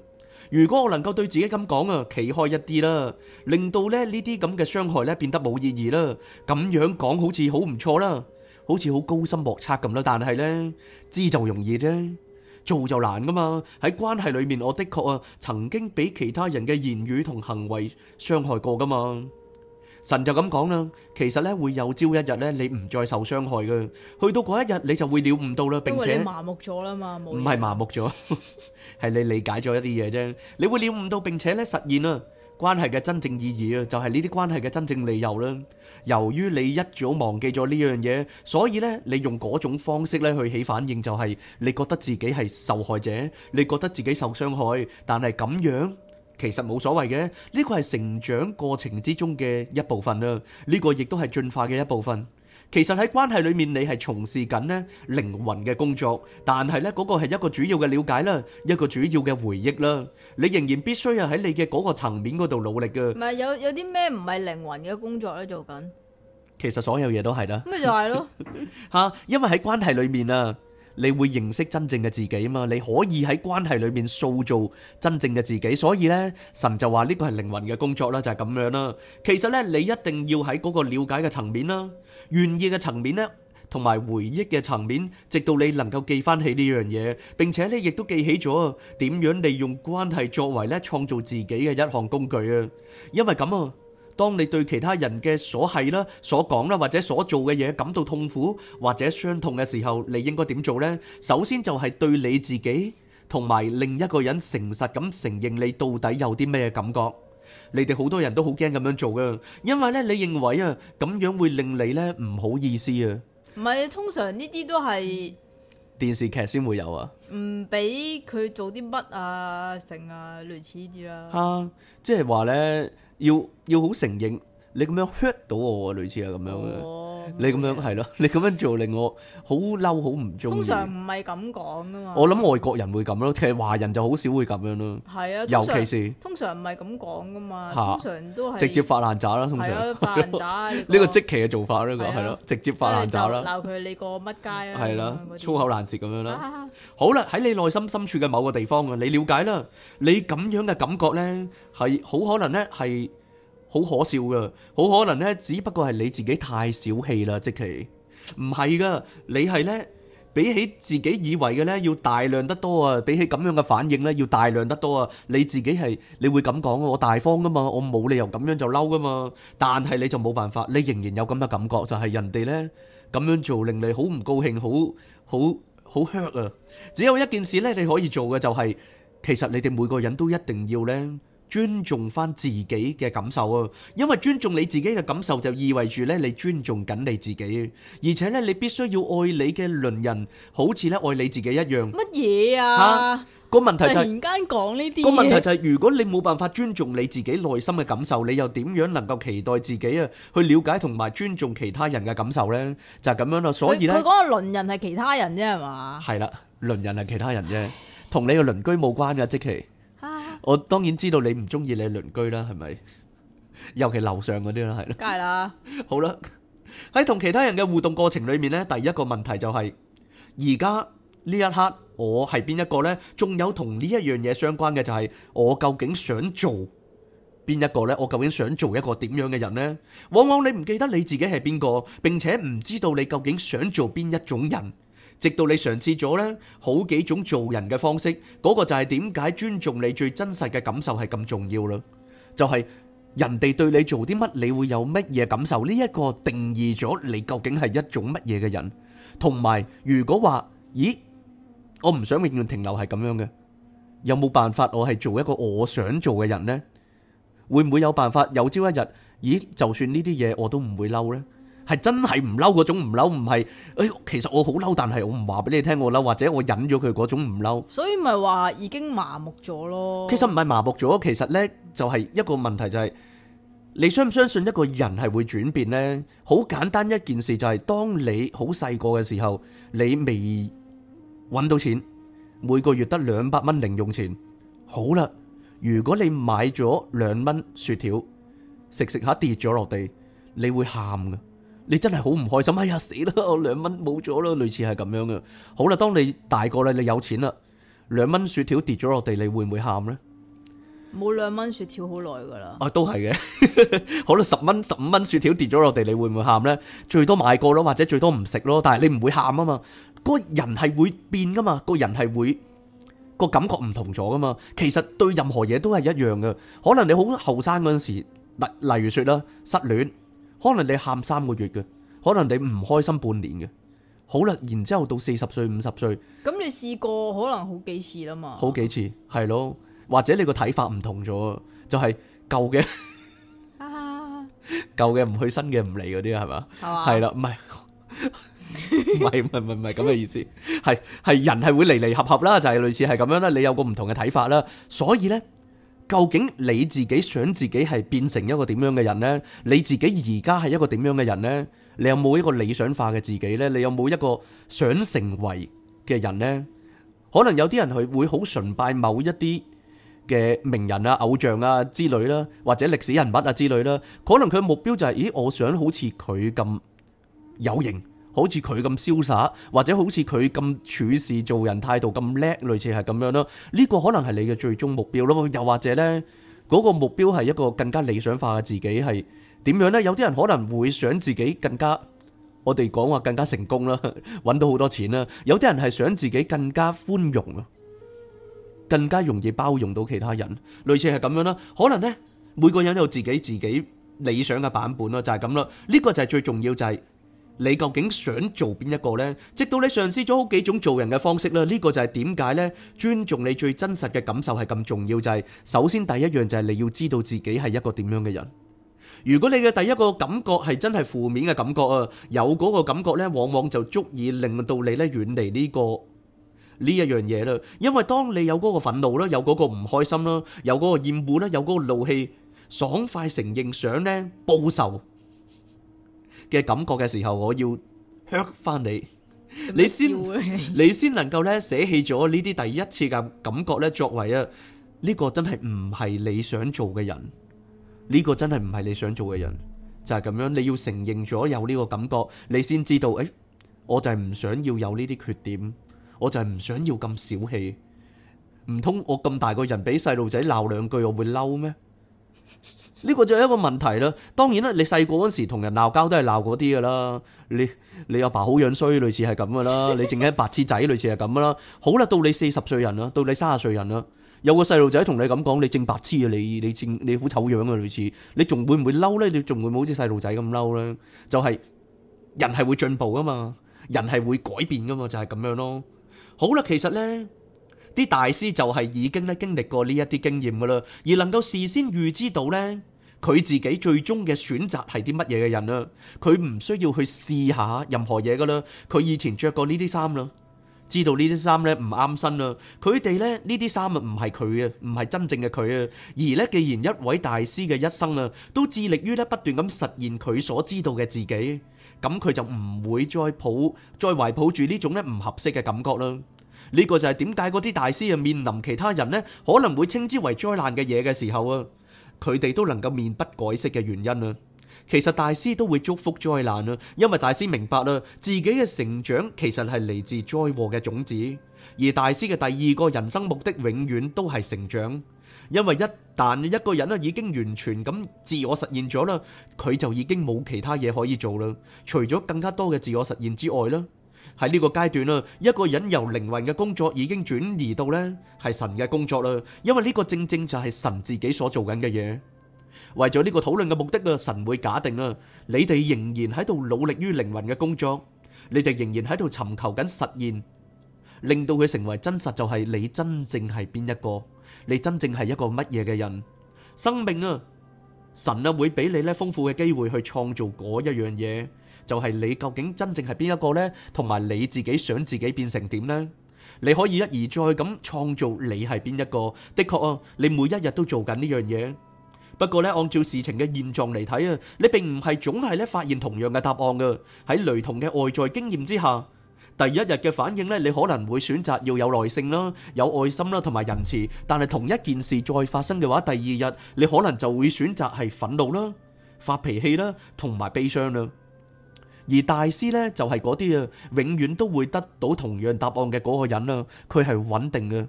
如果我能夠對自己咁講啊，企開一啲啦，令到咧呢啲咁嘅傷害咧變得冇意義啦。咁樣講好似好唔錯啦，好似好高深莫測咁啦。但係咧，知就容易啫。做就難噶嘛，喺關係裏面，我的確啊，曾經俾其他人嘅言語同行為傷害過噶嘛。神就咁講啦，其實咧會有朝一日咧，你唔再受傷害噶，去到嗰一日，你就會了悟到啦，並且你麻木咗啦嘛，唔係麻木咗，係 <laughs> 你理解咗一啲嘢啫，你會了悟到，並且咧實現啦。關係嘅真正意義啊，就係呢啲關係嘅真正理由啦。由於你一早忘記咗呢樣嘢，所以呢，你用嗰種方式咧去起反應，就係你覺得自己係受害者，你覺得自己受傷害，但係咁樣其實冇所謂嘅。呢個係成長過程之中嘅一部分啊，呢個亦都係進化嘅一部分。其實喺關係裏面，你係從事緊呢靈魂嘅工作，但係呢嗰個係一個主要嘅了解啦，一個主要嘅回憶啦，你仍然必須啊喺你嘅嗰個層面嗰度努力嘅。唔係有有啲咩唔係靈魂嘅工作咧做緊？其實所有嘢都係啦，咪就係咯吓， <laughs> 因為喺關係裏面啊。你會認識真正嘅自己啊嘛，你可以喺關係裏面塑造真正嘅自己，所以呢，神就話呢個係靈魂嘅工作啦，就係咁樣啦。其實呢，你一定要喺嗰個了解嘅層面啦，願意嘅層面呢，同埋回憶嘅層面，直到你能夠記翻起呢樣嘢，並且呢，亦都記起咗點樣利用關係作為呢創造自己嘅一項工具啊，因為咁啊。當你對其他人嘅所係啦、所講啦，或者所做嘅嘢感到痛苦或者傷痛嘅時候，你應該點做呢？首先就係對你自己同埋另一個人誠實咁承認你到底有啲咩感覺。你哋好多人都好驚咁樣做㗎，因為咧你認為啊咁樣會令你咧唔好意思啊。唔係，通常呢啲都係。電視劇先會有啊，唔俾佢做啲乜啊，成啊類似啊啊、就是、呢啲啦。嚇，即係話咧，要要好承認，你咁樣 hurt 到我類似係咁樣，你咁樣係咯，你咁樣做令我好嬲，好唔中意。通常唔係咁講噶嘛。我諗外國人會咁咯，其實華人就好少會咁樣咯。係啊，尤其是通常唔係咁講噶嘛，通常都係直接發爛渣啦。通常係啊，爛渣。呢個積極嘅做法啦，係咯，直接發爛渣啦。鬧佢你個乜街啊？係啦，粗口爛舌咁樣啦。好啦，喺你內心深處嘅某個地方啊，你瞭解啦，你咁樣嘅感覺咧，係好可能咧係，好可笑噶，好可能呢，只不過係你自己太小氣啦，即係唔係噶？你係呢，比起自己以為嘅呢，要大量得多啊！比起咁樣嘅反應呢，要大量得多啊！你自己係，你會咁講，我大方噶嘛，我冇理由咁樣就嬲噶嘛。但係你就冇辦法，你仍然有咁嘅感覺，就係人哋呢，咁樣做令你好唔高興，好好好 hurt 啊！只有一件事呢，你可以做嘅就係，其實你哋每個人都一定要呢，尊重返自己嘅感受啊，因為尊重你自己嘅感受就意味住呢，你尊重緊你自己，而且呢，你必須要愛你嘅鄰人，好似呢，愛你自己一樣。乜嘢啊？個問題就係。個問題就係如果你冇辦法尊重你自己內心嘅感受，你又點樣能夠期待自己啊去了解同埋尊重其他人嘅感受呢？就係咁樣咯。所以呢，佢嗰個鄰人係其他人啫，係嘛？係啦，鄰人係其他人啫，同你嘅鄰居冇關噶，即其。我當然知道你唔中意你鄰居啦，係咪？尤其樓上嗰啲啦，係啦。梗係啦。好啦，喺同其他人嘅互動過程裏面呢，第一個問題就係而家呢一刻我係邊一個呢？仲有同呢一樣嘢相關嘅就係我究竟想做邊一個呢？我究竟想做一個點樣嘅人呢？往往你唔記得你自己係邊個，並且唔知道你究竟想做邊一種人。直到你嘗試咗呢好幾種做人嘅方式，嗰個就係點解尊重你最真實嘅感受係咁重要咯？就係人哋對你做啲乜，你會有乜嘢感受？呢一個定義咗你究竟係一種乜嘢嘅人。同埋，如果話，咦，我唔想永遠停留係咁樣嘅，有冇辦法我係做一個我想做嘅人呢？會唔會有辦法？有朝一日，咦，就算呢啲嘢我都唔會嬲呢？係真係唔嬲嗰種唔嬲，唔係誒。其實我好嬲，但係我唔話俾你聽我嬲，或者我忍咗佢嗰種唔嬲。所以咪話已經麻木咗咯。其實唔係麻木咗，其實呢就係一個問題，就係你相唔相信一個人係會轉變呢？好簡單一件事就係當你好細個嘅時候，你未揾到錢，每個月得兩百蚊零用錢。好啦，如果你買咗兩蚊雪條食食下跌咗落地，你會喊噶。你真係好唔開心，哎呀死啦！我兩蚊冇咗咯，類似係咁樣嘅。好啦，當你大個啦，你有錢啦，兩蚊雪條跌咗落地，你會唔會喊呢？冇兩蚊雪條好耐噶啦。啊，都係嘅。好啦，十蚊、十五蚊雪條跌咗落地，你會唔會喊呢？最多買過咯，或者最多唔食咯，但係你唔會喊啊嘛。個人係會變噶嘛，個人係會個感覺唔同咗噶嘛。其實對任何嘢都係一樣嘅。可能你好後生嗰陣時，例例如説啦，失戀。可能你喊三個月嘅，可能你唔開心半年嘅，好啦，然之後到四十歲五十歲，咁你試過可能好幾次啦嘛，好幾次，係咯，或者你個睇法唔同咗，就係舊嘅，舊嘅唔去，新嘅唔嚟嗰啲係嘛，係啦，唔係，唔係唔係唔係咁嘅意思，係係人係會離離合合啦，就係類似係咁樣啦，你有個唔同嘅睇法啦，所以咧。究竟你自己想自己係變成一個點樣嘅人呢？你自己而家係一個點樣嘅人呢？你有冇一個理想化嘅自己呢？你有冇一個想成為嘅人呢？可能有啲人佢會好崇拜某一啲嘅名人啊、偶像啊之類啦，或者歷史人物啊之類啦。可能佢目標就係：咦，我想好似佢咁有型。好似佢咁瀟灑，或者好似佢咁處事做人態度咁叻，類似係咁樣咯。呢個可能係你嘅最終目標咯，又或者呢，嗰個目標係一個更加理想化嘅自己係點樣呢？有啲人可能會想自己更加，我哋講話更加成功啦，搵 <laughs> 到好多錢啦。有啲人係想自己更加寬容啊，更加容易包容到其他人，類似係咁樣啦。可能呢，每個人有自己自己理想嘅版本咯，就係咁咯。呢個就係最重要就係。你究竟想做邊一個呢？直到你嘗試咗好幾種做人嘅方式啦，呢個就係點解呢？尊重你最真實嘅感受係咁重要，就係首先第一樣就係你要知道自己係一個點樣嘅人。如果你嘅第一個感覺係真係負面嘅感覺啊，有嗰個感覺呢，往往就足以令到你呢遠離呢個呢一樣嘢啦。因為當你有嗰個憤怒啦，有嗰個唔開心啦，有嗰個厭惡啦，有嗰個怒氣，爽快承認想呢報仇嘅感覺嘅時候，我要 hurt 翻你，你先你先能夠咧捨棄咗呢啲第一次嘅感覺咧，作為啊呢個真係唔係你想做嘅人，呢個真係唔係你想做嘅人，就係咁樣。你要承認咗有呢個感覺，你先知道，誒，我就係唔想要有呢啲缺點，我就係唔想要咁小氣。唔通我咁大個人俾細路仔鬧兩句，我會嬲咩？呢個就係一個問題啦。當然啦，你細個嗰時同人鬧交都係鬧嗰啲噶啦。你你阿爸好樣衰，類似係咁噶啦。 <laughs> 你淨係白痴仔，類似係咁噶啦。好啦，到你四十歲人啦，到你三十歲人啦，有個細路仔同你咁講，你正白痴啊！你你正你副醜樣啊！類似你仲會唔會嬲咧？你仲會唔好似細路仔咁嬲咧？就係、是、人係會進步噶嘛，人係會改變噶嘛，就係、是、咁樣咯。好啦，其實咧。啲大師就係已經咧經歷過呢一啲經驗噶啦，而能夠事先預知到呢，佢自己最終嘅選擇係啲乜嘢嘅人啦，佢唔需要去試下任何嘢噶啦，佢以前着過呢啲衫啦，知道呢啲衫咧唔啱身啦，佢哋咧呢啲衫咪唔係佢啊，唔係真正嘅佢啊，而呢，既然一位大師嘅一生啊，都致力於咧不斷咁實現佢所知道嘅自己，咁佢就唔會再抱再懷抱住呢種咧唔合適嘅感覺啦。呢個就係點解嗰啲大師啊面臨其他人呢可能會稱之為災難嘅嘢嘅時候啊，佢哋都能夠面不改色嘅原因啊。其實大師都會祝福災難啊，因為大師明白啦，自己嘅成長其實係嚟自災禍嘅種子，而大師嘅第二個人生目的永遠都係成長，因為一旦一個人啦已經完全咁自我實現咗啦，佢就已經冇其他嘢可以做啦，除咗更加多嘅自我實現之外啦。喺呢個階段啦，一個人由靈魂嘅工作已經轉移到咧係神嘅工作啦。因為呢個正正就係神自己所做緊嘅嘢。為咗呢個討論嘅目的啊，神會假定啊，你哋仍然喺度努力於靈魂嘅工作，你哋仍然喺度尋求緊實現，令到佢成為真實，就係你真正係邊一個，你真正係一個乜嘢嘅人。生命啊，神啊會俾你咧豐富嘅機會去創造嗰一樣嘢。就係你究竟真正係邊一個呢？同埋你自己想自己變成點呢？你可以一而再咁創造你係邊一個？的確啊，你每一日都做緊呢樣嘢。不過咧，按照事情嘅現狀嚟睇啊，你並唔係總係咧發現同樣嘅答案噶。喺雷同嘅外在經驗之下，第一日嘅反應咧，你可能會選擇要有耐性啦、有愛心啦、同埋仁慈。但係同一件事再發生嘅話，第二日你可能就會選擇係憤怒啦、發脾氣啦，同埋悲傷啦。而大師呢，就係嗰啲啊，永遠都會得到同樣答案嘅嗰個人啦。佢係穩定嘅，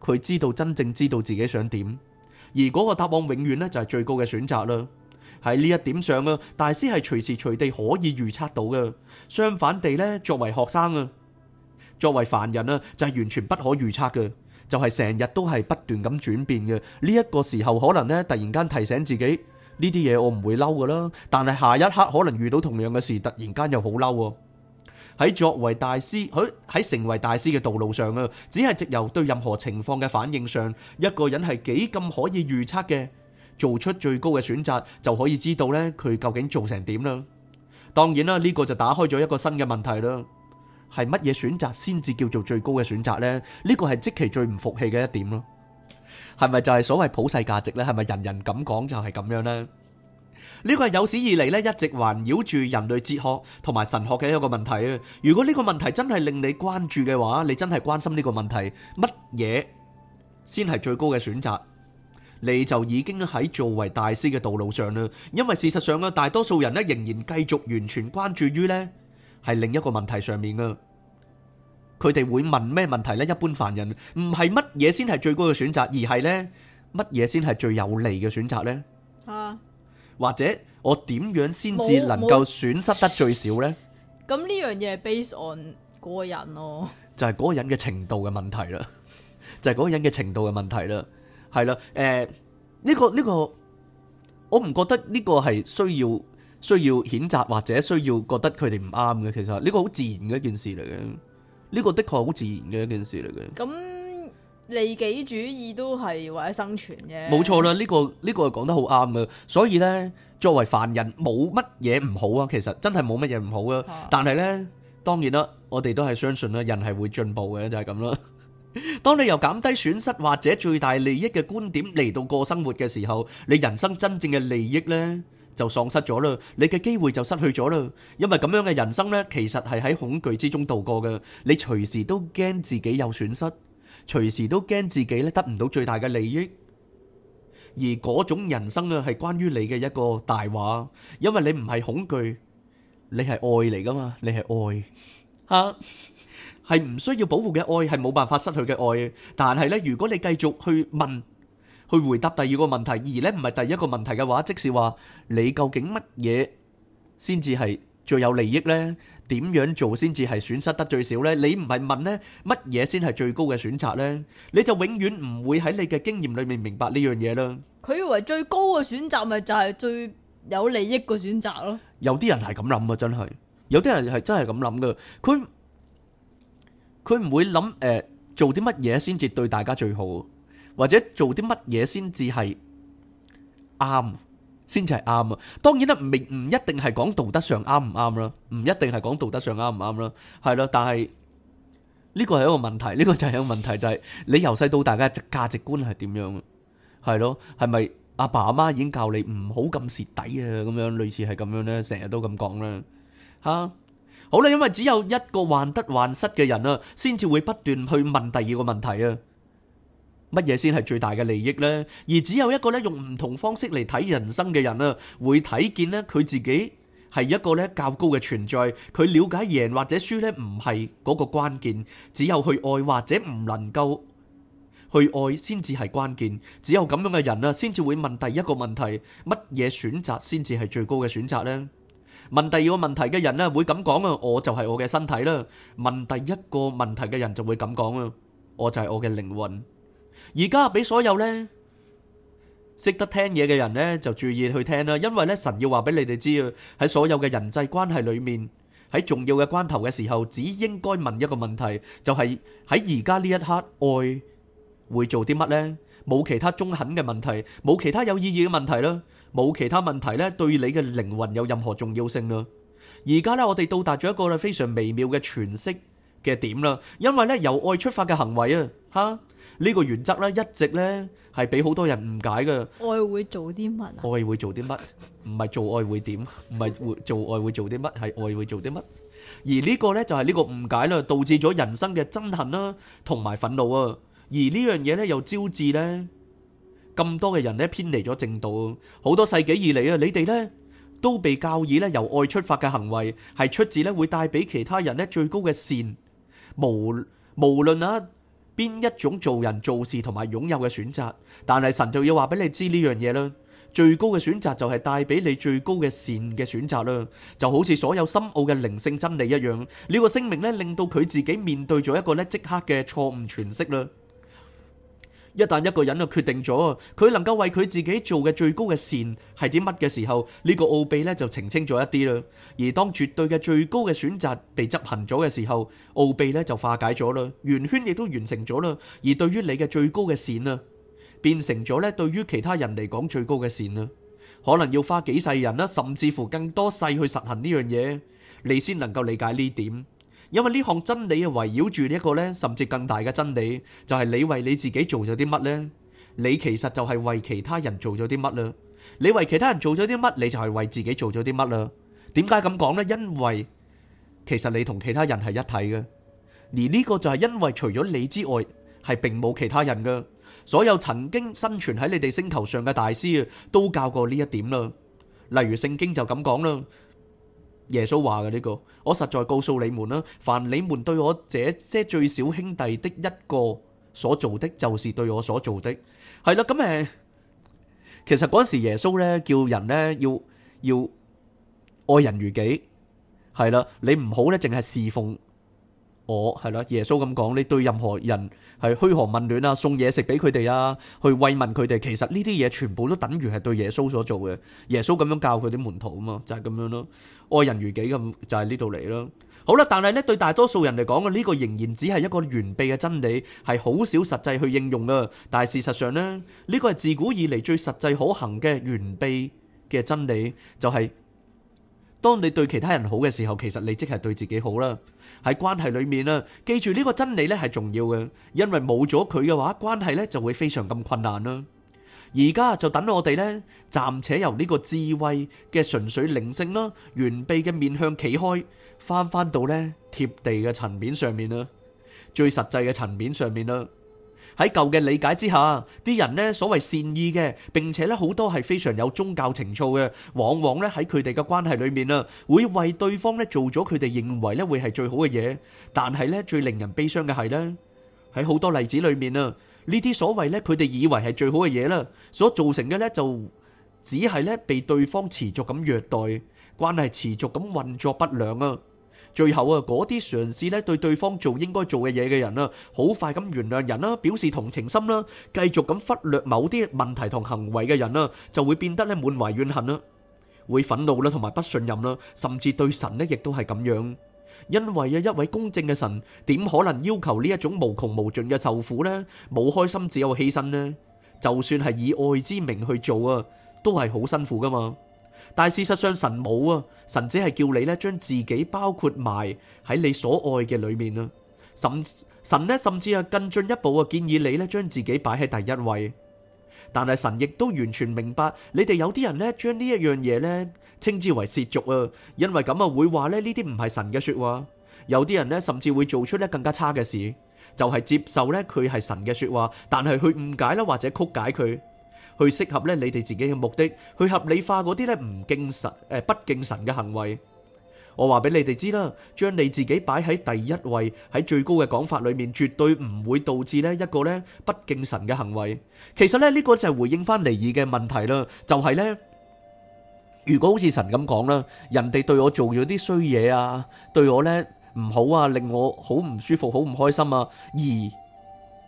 佢知道真正知道自己想點，而嗰個答案永遠呢，就係最高嘅選擇啦。喺呢一點上啊，大師係隨時隨地可以預測到嘅。相反地呢，作為學生啊，作為凡人啊，就係、是、完全不可預測嘅，就係成日都係不斷咁轉變嘅。呢、這、一個時候，可能呢突然間提醒自己。呢啲嘢我唔會嬲噶啦，但係下一刻可能遇到同樣嘅事，突然間又好嬲喎。喺作為大師，佢喺成為大師嘅道路上啊，只係藉由對任何情況嘅反應上，一個人係幾咁可以預測嘅，做出最高嘅選擇，就可以知道呢，佢究竟做成點啦。當然啦，呢個就打開咗一個新嘅問題啦，係乜嘢選擇先至叫做最高嘅選擇呢？呢個係即其最唔服氣嘅一點咯。係咪就係所謂普世價值呢？係咪人人咁講就係咁樣呢？呢個係有史以嚟呢，一直環繞住人類哲學同埋神學嘅一個問題啊！如果呢個問題真係令你關注嘅話，你真係關心呢個問題乜嘢先係最高嘅選擇，你就已經喺作為大師嘅道路上啦。因為事實上啊，大多數人呢仍然繼續完全關注於呢，係另一個問題上面啊。佢哋會問咩問題呢？一般凡人唔係乜嘢先係最高嘅選擇，而係呢乜嘢先係最有利嘅選擇呢？啊，或者我點樣先至能夠損失得最少呢？咁呢樣嘢係 based on 嗰個人咯，就係嗰個人嘅程度嘅問題啦，就係嗰個人嘅程度嘅問題啦，係啦，誒，呢個呢個我唔覺得呢個係需要需要譴責或者需要覺得佢哋唔啱嘅。其實呢個好自然嘅一件事嚟嘅。呢個的確係好自然嘅一件事嚟嘅，咁利己主義都係為咗生存嘅，冇錯啦。呢個呢個係講得好啱嘅，所以呢，作為凡人冇乜嘢唔好啊，其實真係冇乜嘢唔好啊。但係呢，當然啦，我哋都係相信咧人係會進步嘅，就係咁啦。當你由減低損失或者最大利益嘅觀點嚟到過生活嘅時候，你人生真正嘅利益呢，就喪失咗啦，你嘅機會就失去咗啦。因為咁樣嘅人生咧，其實係喺恐懼之中度過嘅。你隨時都驚自己有損失，隨時都驚自己咧得唔到最大嘅利益。而嗰種人生咧，係關於你嘅一個大話。因為你唔係恐懼，你係愛嚟噶嘛，你係愛吓，係唔需要保護嘅愛，係冇辦法失去嘅愛。但係咧，如果你繼續去問，去回答第二個問題，而咧唔係第一個問題嘅話，即是話你究竟乜嘢先至係最有利益咧？點樣做先至係損失得最少咧？你唔係問咧乜嘢先係最高嘅選擇咧？你就永遠唔會喺你嘅經驗裏面明白呢樣嘢啦。佢以為最高嘅選擇咪就係最有利益嘅選擇咯。有啲人係咁諗啊，真係有啲人係真係咁諗噶。佢佢唔會諗誒，做啲乜嘢先至對大家最好。或者做啲乜嘢先至係啱，先至係啱啊！當然啦，唔明唔一定係講道德上啱唔啱啦，唔一定係講道德上啱唔啱啦，係咯。但係呢個係一個問題，呢個就係一個問題，就係你由細到大嘅價值觀係點樣啊？係咯，係咪阿爸阿媽已經教你唔好咁蝕底啊？咁樣類似係咁樣咧，成日都咁講啦吓？好啦，因為只有一個患得患失嘅人啊，先至會不斷去問第二個問題啊！乜嘢先係最大嘅利益呢？而只有一個咧用唔同方式嚟睇人生嘅人啦，會睇見呢佢自己係一個咧較高嘅存在。佢了解贏或者輸呢唔係嗰個關鍵，只有去愛或者唔能夠去愛先至係關鍵。只有咁樣嘅人啦，先至會問第一個問題：乜嘢選擇先至係最高嘅選擇呢？問第二個問題嘅人呢會咁講啊，我就係我嘅身體啦。問第一個問題嘅人就會咁講啊，我就係我嘅靈魂。而家俾所有呢識得聽嘢嘅人呢，就注意去聽啦，因為呢神要話俾你哋知，喺所有嘅人際關係裏面，喺重要嘅關頭嘅時候，只應該問一個問題，就係喺而家呢一刻愛會做啲乜呢？冇其他中肯嘅問題，冇其他有意義嘅問題啦，冇其他問題呢對你嘅靈魂有任何重要性啦。而家呢，我哋到達咗一個非常微妙嘅詮釋。嘅點啦，因為咧由愛出發嘅行為啊，吓呢個原則咧一直咧係俾好多人誤解嘅。愛會做啲乜啊？愛會做啲乜？唔係做愛會點？唔係會做愛會做啲乜？係愛會做啲乜？而呢個咧就係呢個誤解啦，導致咗人生嘅憎恨啦，同埋憤怒啊。而呢樣嘢咧又招致咧咁多嘅人咧偏離咗正道。好多世紀以嚟啊，你哋咧都被教義咧由愛出發嘅行為係出自咧會帶俾其他人咧最高嘅善。無無論啊邊一種做人做事同埋擁有嘅選擇，但係神就要話俾你知呢樣嘢啦。最高嘅選擇就係帶俾你最高嘅善嘅選擇啦。就好似所有深奧嘅靈性真理一樣，呢個聲明咧令到佢自己面對咗一個咧即刻嘅錯誤詮釋啦。一旦一個人啊決定咗佢能夠為佢自己做嘅最高嘅善係啲乜嘅時候，呢個奧秘呢就澄清咗一啲啦。而當絕對嘅最高嘅選擇被執行咗嘅時候，奧秘呢就化解咗啦。圓圈亦都完成咗啦。而對於你嘅最高嘅善啊，變成咗呢對於其他人嚟講最高嘅善啦，可能要花幾世人啦，甚至乎更多世去實行呢樣嘢，你先能夠理解呢點。因為呢項真理啊，圍繞住呢一個呢，甚至更大嘅真理，就係你為你自己做咗啲乜呢？你其實就係為其他人做咗啲乜啦？你為其他人做咗啲乜，你就係為自己做咗啲乜啦？點解咁講呢？因為其實你同其他人係一體嘅，而呢個就係因為除咗你之外，係並冇其他人㗎。所有曾經生存喺你哋星球上嘅大師啊，都教過呢一點啦。例如聖經就咁講啦。耶穌話嘅呢個，我實在告訴你們啦，凡你們對我這些最小兄弟的一個所做的，就是對我所做的，係啦。咁、嗯、誒，其實嗰時耶穌咧，叫人呢要要愛人如己，係啦，你唔好咧，淨係侍奉。我係啦，耶穌咁講，你對任何人係噓寒問暖啊，送嘢食俾佢哋啊，去慰問佢哋，其實呢啲嘢全部都等於係對耶穌所做嘅。耶穌咁樣教佢啲門徒啊嘛，就係、是、咁樣咯。愛人如己咁，就係呢度嚟咯。好啦，但係呢，對大多數人嚟講嘅呢個仍然只係一個完備嘅真理，係好少實際去應用啊。但係事實上呢，呢、這個係自古以嚟最實際可行嘅完備嘅真理，就係、是。當你對其他人好嘅時候，其實你即係對自己好啦。喺關係裏面啊，記住呢個真理咧係重要嘅，因為冇咗佢嘅話，關係咧就會非常咁困難啦。而家就等我哋咧暫且由呢個智慧嘅純粹靈性啦，完備嘅面向企開，翻翻到咧貼地嘅層面上面啦，最實際嘅層面上面啦。喺舊嘅理解之下，啲人呢所謂善意嘅，並且呢好多係非常有宗教情操嘅，往往呢喺佢哋嘅關係裏面啊，會為對方呢做咗佢哋認為呢會係最好嘅嘢。但係呢最令人悲傷嘅係呢，喺好多例子裏面啊，呢啲所謂呢佢哋以為係最好嘅嘢啦，所造成嘅呢就只係呢被對方持續咁虐待，關係持續咁運作不良啊。最後啊，嗰啲嘗試咧對對方做應該做嘅嘢嘅人啊，好快咁原諒人啦，表示同情心啦，繼續咁忽略某啲問題同行為嘅人啦，就會變得咧滿懷怨恨啦，會憤怒啦，同埋不信任啦，甚至對神咧亦都係咁樣，因為啊一位公正嘅神點可能要求呢一種無窮無盡嘅受苦咧？冇開心，只有犧牲咧，就算係以愛之名去做啊，都係好辛苦噶嘛。但事實上神冇啊，神只係叫你咧將自己包括埋喺你所愛嘅裏面啊。甚神咧甚至啊更進一步啊建議你咧將自己擺喺第一位。但係神亦都完全明白你哋有啲人咧將呢一樣嘢咧稱之為褻瀆啊，因為咁啊會話咧呢啲唔係神嘅說話。有啲人咧甚至會做出咧更加差嘅事，就係、是、接受咧佢係神嘅說話，但係去誤解啦或者曲解佢。去適合咧你哋自己嘅目的，去合理化嗰啲咧唔敬神誒不敬神嘅行為。我話俾你哋知啦，將你自己擺喺第一位，喺最高嘅講法裏面，絕對唔會導致呢一個咧不敬神嘅行為。其實咧呢個就係回應翻尼爾嘅問題啦，就係呢：如果好似神咁講啦，人哋對我做咗啲衰嘢啊，對我呢唔好啊，令我好唔舒服，好唔開心啊，而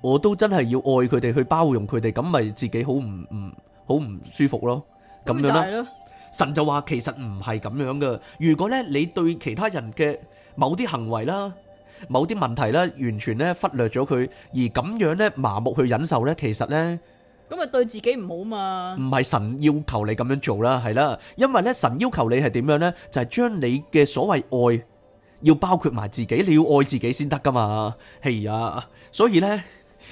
我都真係要愛佢哋去包容佢哋，咁咪自己好唔唔好唔舒服咯？咁樣囉，神就話其實唔係咁樣嘅。如果咧你對其他人嘅某啲行為啦、某啲問題啦，完全咧忽略咗佢，而咁樣咧麻木去忍受咧，其實咧咁咪對自己唔好嘛？唔係神要求你咁樣做啦，係啦，因為咧神要求你係點樣咧？就係將你嘅所謂愛要包括埋自己，你要愛自己先得噶嘛。係啊，所以咧。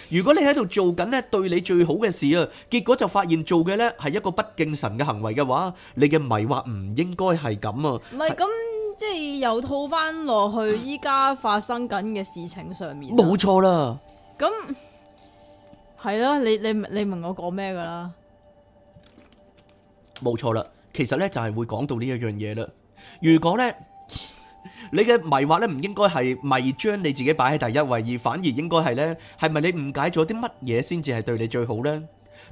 如果你喺度做緊咧對你最好嘅事啊，結果就發現做嘅咧係一個不敬神嘅行為嘅話，你嘅迷惑唔應該係咁啊！唔係咁，即係又套翻落去依家發生緊嘅事情上面。冇錯啦，咁係啦，你你你問我講咩噶啦？冇錯啦，其實咧就係會講到呢一樣嘢啦。如果咧。你嘅迷惑咧，唔應該係咪將你自己擺喺第一位，而反而應該係咧，係咪你誤解咗啲乜嘢先至係對你最好咧？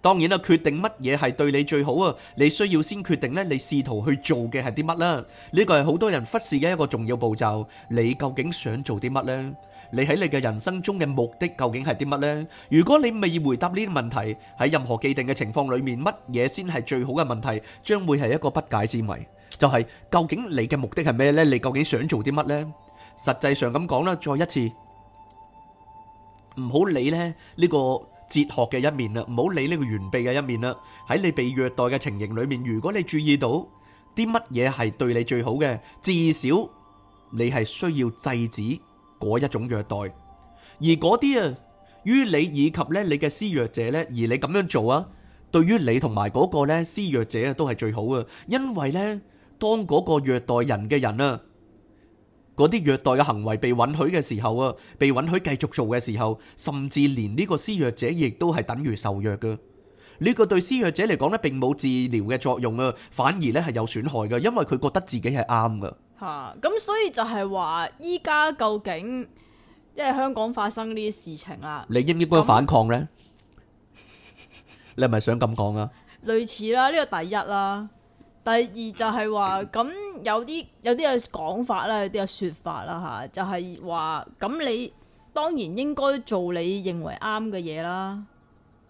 當然啦，決定乜嘢係對你最好啊，你需要先決定咧，你試圖去做嘅係啲乜啦？呢個係好多人忽視嘅一個重要步驟。你究竟想做啲乜咧？你喺你嘅人生中嘅目的究竟係啲乜咧？如果你未回答呢啲問題，喺任何既定嘅情況裏面，乜嘢先係最好嘅問題，將會係一個不解之謎。就係究竟你嘅目的係咩咧？你究竟想做啲乜咧？實際上咁講啦，再一次，唔好理咧呢個哲學嘅一面啦，唔好理呢個完備嘅一面啦。喺你被虐待嘅情形裏面，如果你注意到啲乜嘢係對你最好嘅，至少你係需要制止嗰一種虐待。而嗰啲啊，於你以及咧你嘅施虐者咧，而你咁樣做啊，對於你同埋嗰個咧施虐者啊都係最好嘅，因為咧。當嗰個虐待人嘅人啊，嗰啲虐待嘅行為被允許嘅時候啊，被允許繼續做嘅時候，甚至連呢個施虐者亦都係等於受虐噶呢個對施虐者嚟講咧，並冇治療嘅作用啊，反而咧係有損害噶，因為佢覺得自己係啱噶吓，咁所以就係話依家究竟，因為香港發生呢啲事情啊，你應唔應該反抗咧？你係咪想咁講啊？類似啦，呢個第一啦。第二就係話，咁有啲有啲有講法啦，有啲有説法啦嚇、啊，就係話咁你當然應該做你認為啱嘅嘢啦。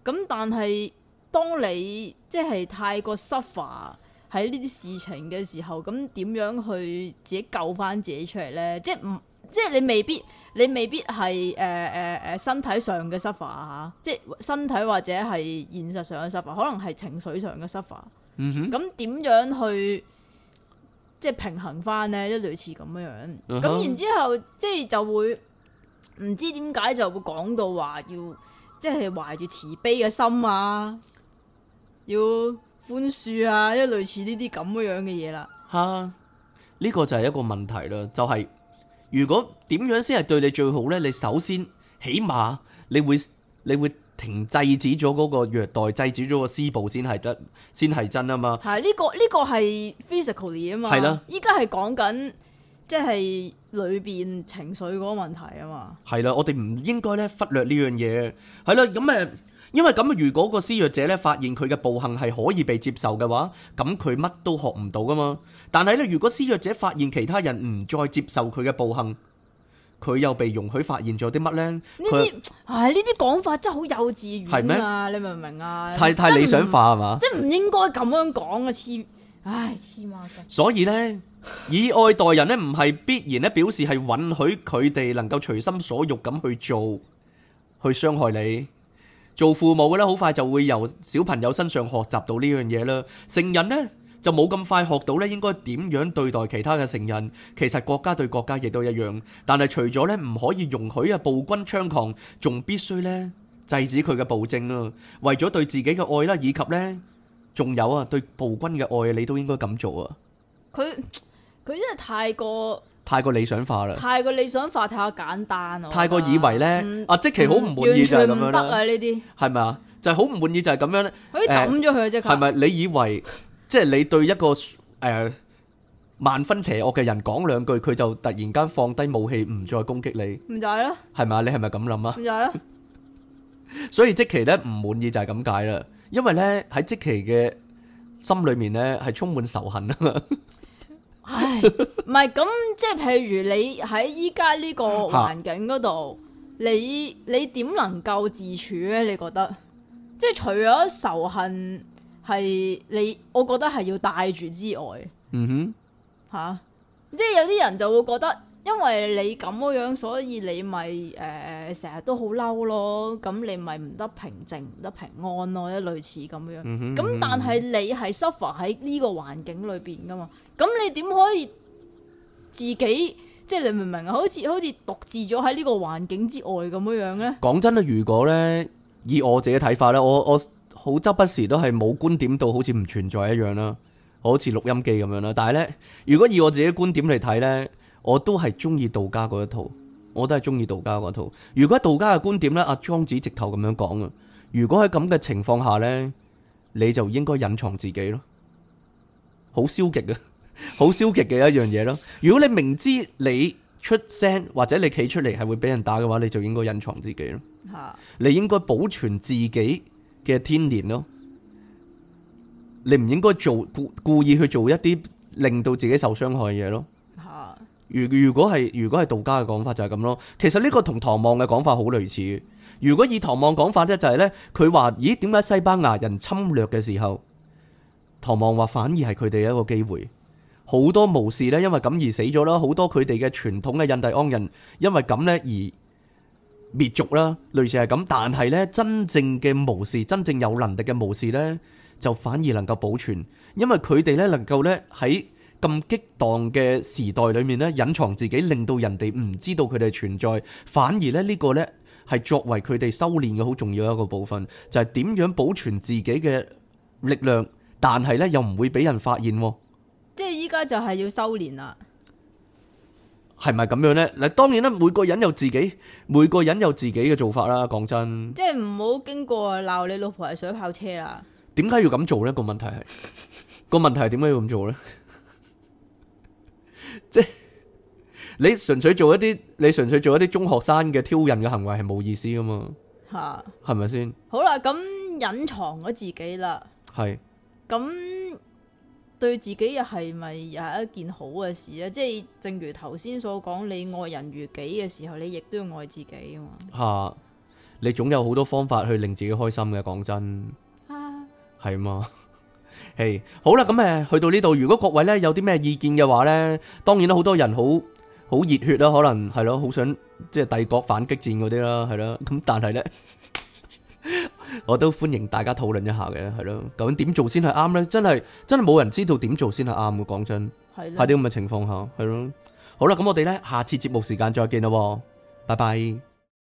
咁但係當你即係太過 suffer 喺呢啲事情嘅時候，咁點樣去自己救翻自己出嚟呢？即係唔即係你未必你未必係誒誒誒身體上嘅 suffer 嚇、啊，即係身體或者係現實上嘅 suffer，可能係情緒上嘅 suffer。嗯哼，咁點樣去即係平衡翻呢？即係類似咁樣樣。嗯哼，咁然之後即係、就係、就會唔知點解就會講到話要即係懷住慈悲嘅心啊，要寬恕啊，即係類似呢啲咁樣嘅嘢啦。吓，呢個就係一個問題啦。就係、係、如果點樣先係對你最好呢？你首先起碼你會你會。停，制止咗嗰個虐待，制止咗個施暴先係得，先係真啊嘛。係呢、這個呢、這個係 physically 啊嘛。係啦的，依家係講緊即係裏邊情緒嗰個問題啊嘛。係啦，我哋唔應該咧忽略呢樣嘢。係啦，咁、嗯、誒，因為咁如果個施虐者咧發現佢嘅暴行係可以被接受嘅話，咁佢乜都學唔到噶嘛。但係咧，如果施虐者發現其他人唔再接受佢嘅暴行，佢又被容許發現咗啲乜咧？呢啲唉，呢啲講法真係好幼稚園咩、啊？嗎你明唔明啊？太太理想化係嘛？即係唔應該咁樣講嘅，黐唉黐孖筋。所以呢，以愛待人呢，唔係必然咧表示係允許佢哋能夠隨心所欲咁去做，去傷害你。做父母嘅咧，好快就會由小朋友身上學習到呢樣嘢啦。成人呢？就冇咁快學到咧，應該點樣對待其他嘅成人？其實國家對國家亦都一樣，但係除咗咧唔可以容許啊暴君猖狂，仲必須咧制止佢嘅暴政咯。為咗對自己嘅愛啦，以及咧，仲有啊對暴君嘅愛，你都應該咁做啊！佢佢真係太過太過理想化啦，太過理想化，太過簡單啊！太過以為咧啊，啊即其好唔滿意就係咁樣完全唔得、嗯、啊！呢啲係咪啊？就係好唔滿意就係咁樣咧。可以抌咗佢啊！即係咪？你以為？即係你對一個誒萬分邪惡嘅人講兩句，佢就突然間放低武器，唔再攻擊你，唔就係咯？係咪？你係咪咁諗啊？唔就係咯。所以即其咧唔滿意就係咁解啦。因為咧喺即其嘅心裏面咧係充滿仇恨啊嘛。唉，唔係咁，即係譬如你喺依家呢個環境嗰度，你你點能夠自處咧？你覺得？即係除咗仇恨。係你，我覺得係要帶住之外，吓、mm hmm. 啊，即係有啲人就會覺得，因為你咁樣，所以你咪誒，呃、成日都好嬲咯，咁你咪唔得平靜，唔得平安咯，即係類似咁樣。咁、mm hmm. 但係你係 suffer 喺呢個環境裏邊噶嘛，咁你點可以自己，即係你明唔明啊？好似好似獨自咗喺呢個環境之外咁樣樣咧？講真啦，如果咧，以我自己睇法咧，我我。好執不時都係冇觀點到，好似唔存在一樣啦，好似錄音機咁樣啦。但係呢，如果以我自己觀點嚟睇呢，我都係中意道家嗰一套，我都係中意道家嗰套。如果道家嘅觀點呢，阿莊子直頭咁樣講啊，如果喺咁嘅情況下呢，你就應該隱藏自己咯，好消極嘅，好 <laughs> 消極嘅一樣嘢咯。如果你明知你出聲或者你企出嚟係會俾人打嘅話，你就應該隱藏自己咯，你應該保存自己。嘅天年咯，你唔應該做故故意去做一啲令到自己受傷害嘅嘢咯。如果如果係如果係道家嘅講法就係咁咯，其實呢個同唐望嘅講法好類似。如果以唐望講法咧就係、是、咧，佢話咦點解西班牙人侵略嘅時候，唐望話反而係佢哋一個機會，好多無事呢，因為咁而死咗啦，好多佢哋嘅傳統嘅印第安人因為咁呢而。滅族啦，類似係咁。但係呢，真正嘅武士，真正有能力嘅武士呢，就反而能夠保存，因為佢哋呢能夠呢喺咁激盪嘅時代裏面呢隱藏自己，令到人哋唔知道佢哋存在。反而呢呢個呢係作為佢哋修煉嘅好重要一個部分，就係點樣保存自己嘅力量，但係呢又唔會俾人發現。即係依家就係要修煉啦。係咪咁樣咧？嗱，當然啦，每個人有自己，每個人有自己嘅做法啦。講真，即係唔好經過鬧你老婆係水炮車啦。點解要咁做咧？個問題係，個問題係點解要咁做咧？即係你純粹做一啲，你純粹做一啲中學生嘅挑釁嘅行為係冇意思噶嘛？吓，係咪先？好啦，咁隱藏咗自己啦，係咁。對自己又係咪又係一件好嘅事咧？即係正如頭先所講，你愛人如己嘅時候，你亦都要愛自己啊嘛。吓、啊，你總有好多方法去令自己開心嘅。講真，係嘛、啊？係是嗎、 <laughs> hey, 好啦，咁誒，去到呢度，如果各位呢有啲咩意見嘅話呢，當然啦，好多人好好熱血啦，可能係咯，好想即係帝國反擊戰嗰啲啦，係咯。咁但係呢。我都歡迎大家討論一下嘅，係咯，究竟點做先係啱呢？真係真係冇人知道點做先係啱嘅，講真，係啲咁嘅情況下，係咯，好啦，咁我哋呢，下次節目時間再見啦，拜拜。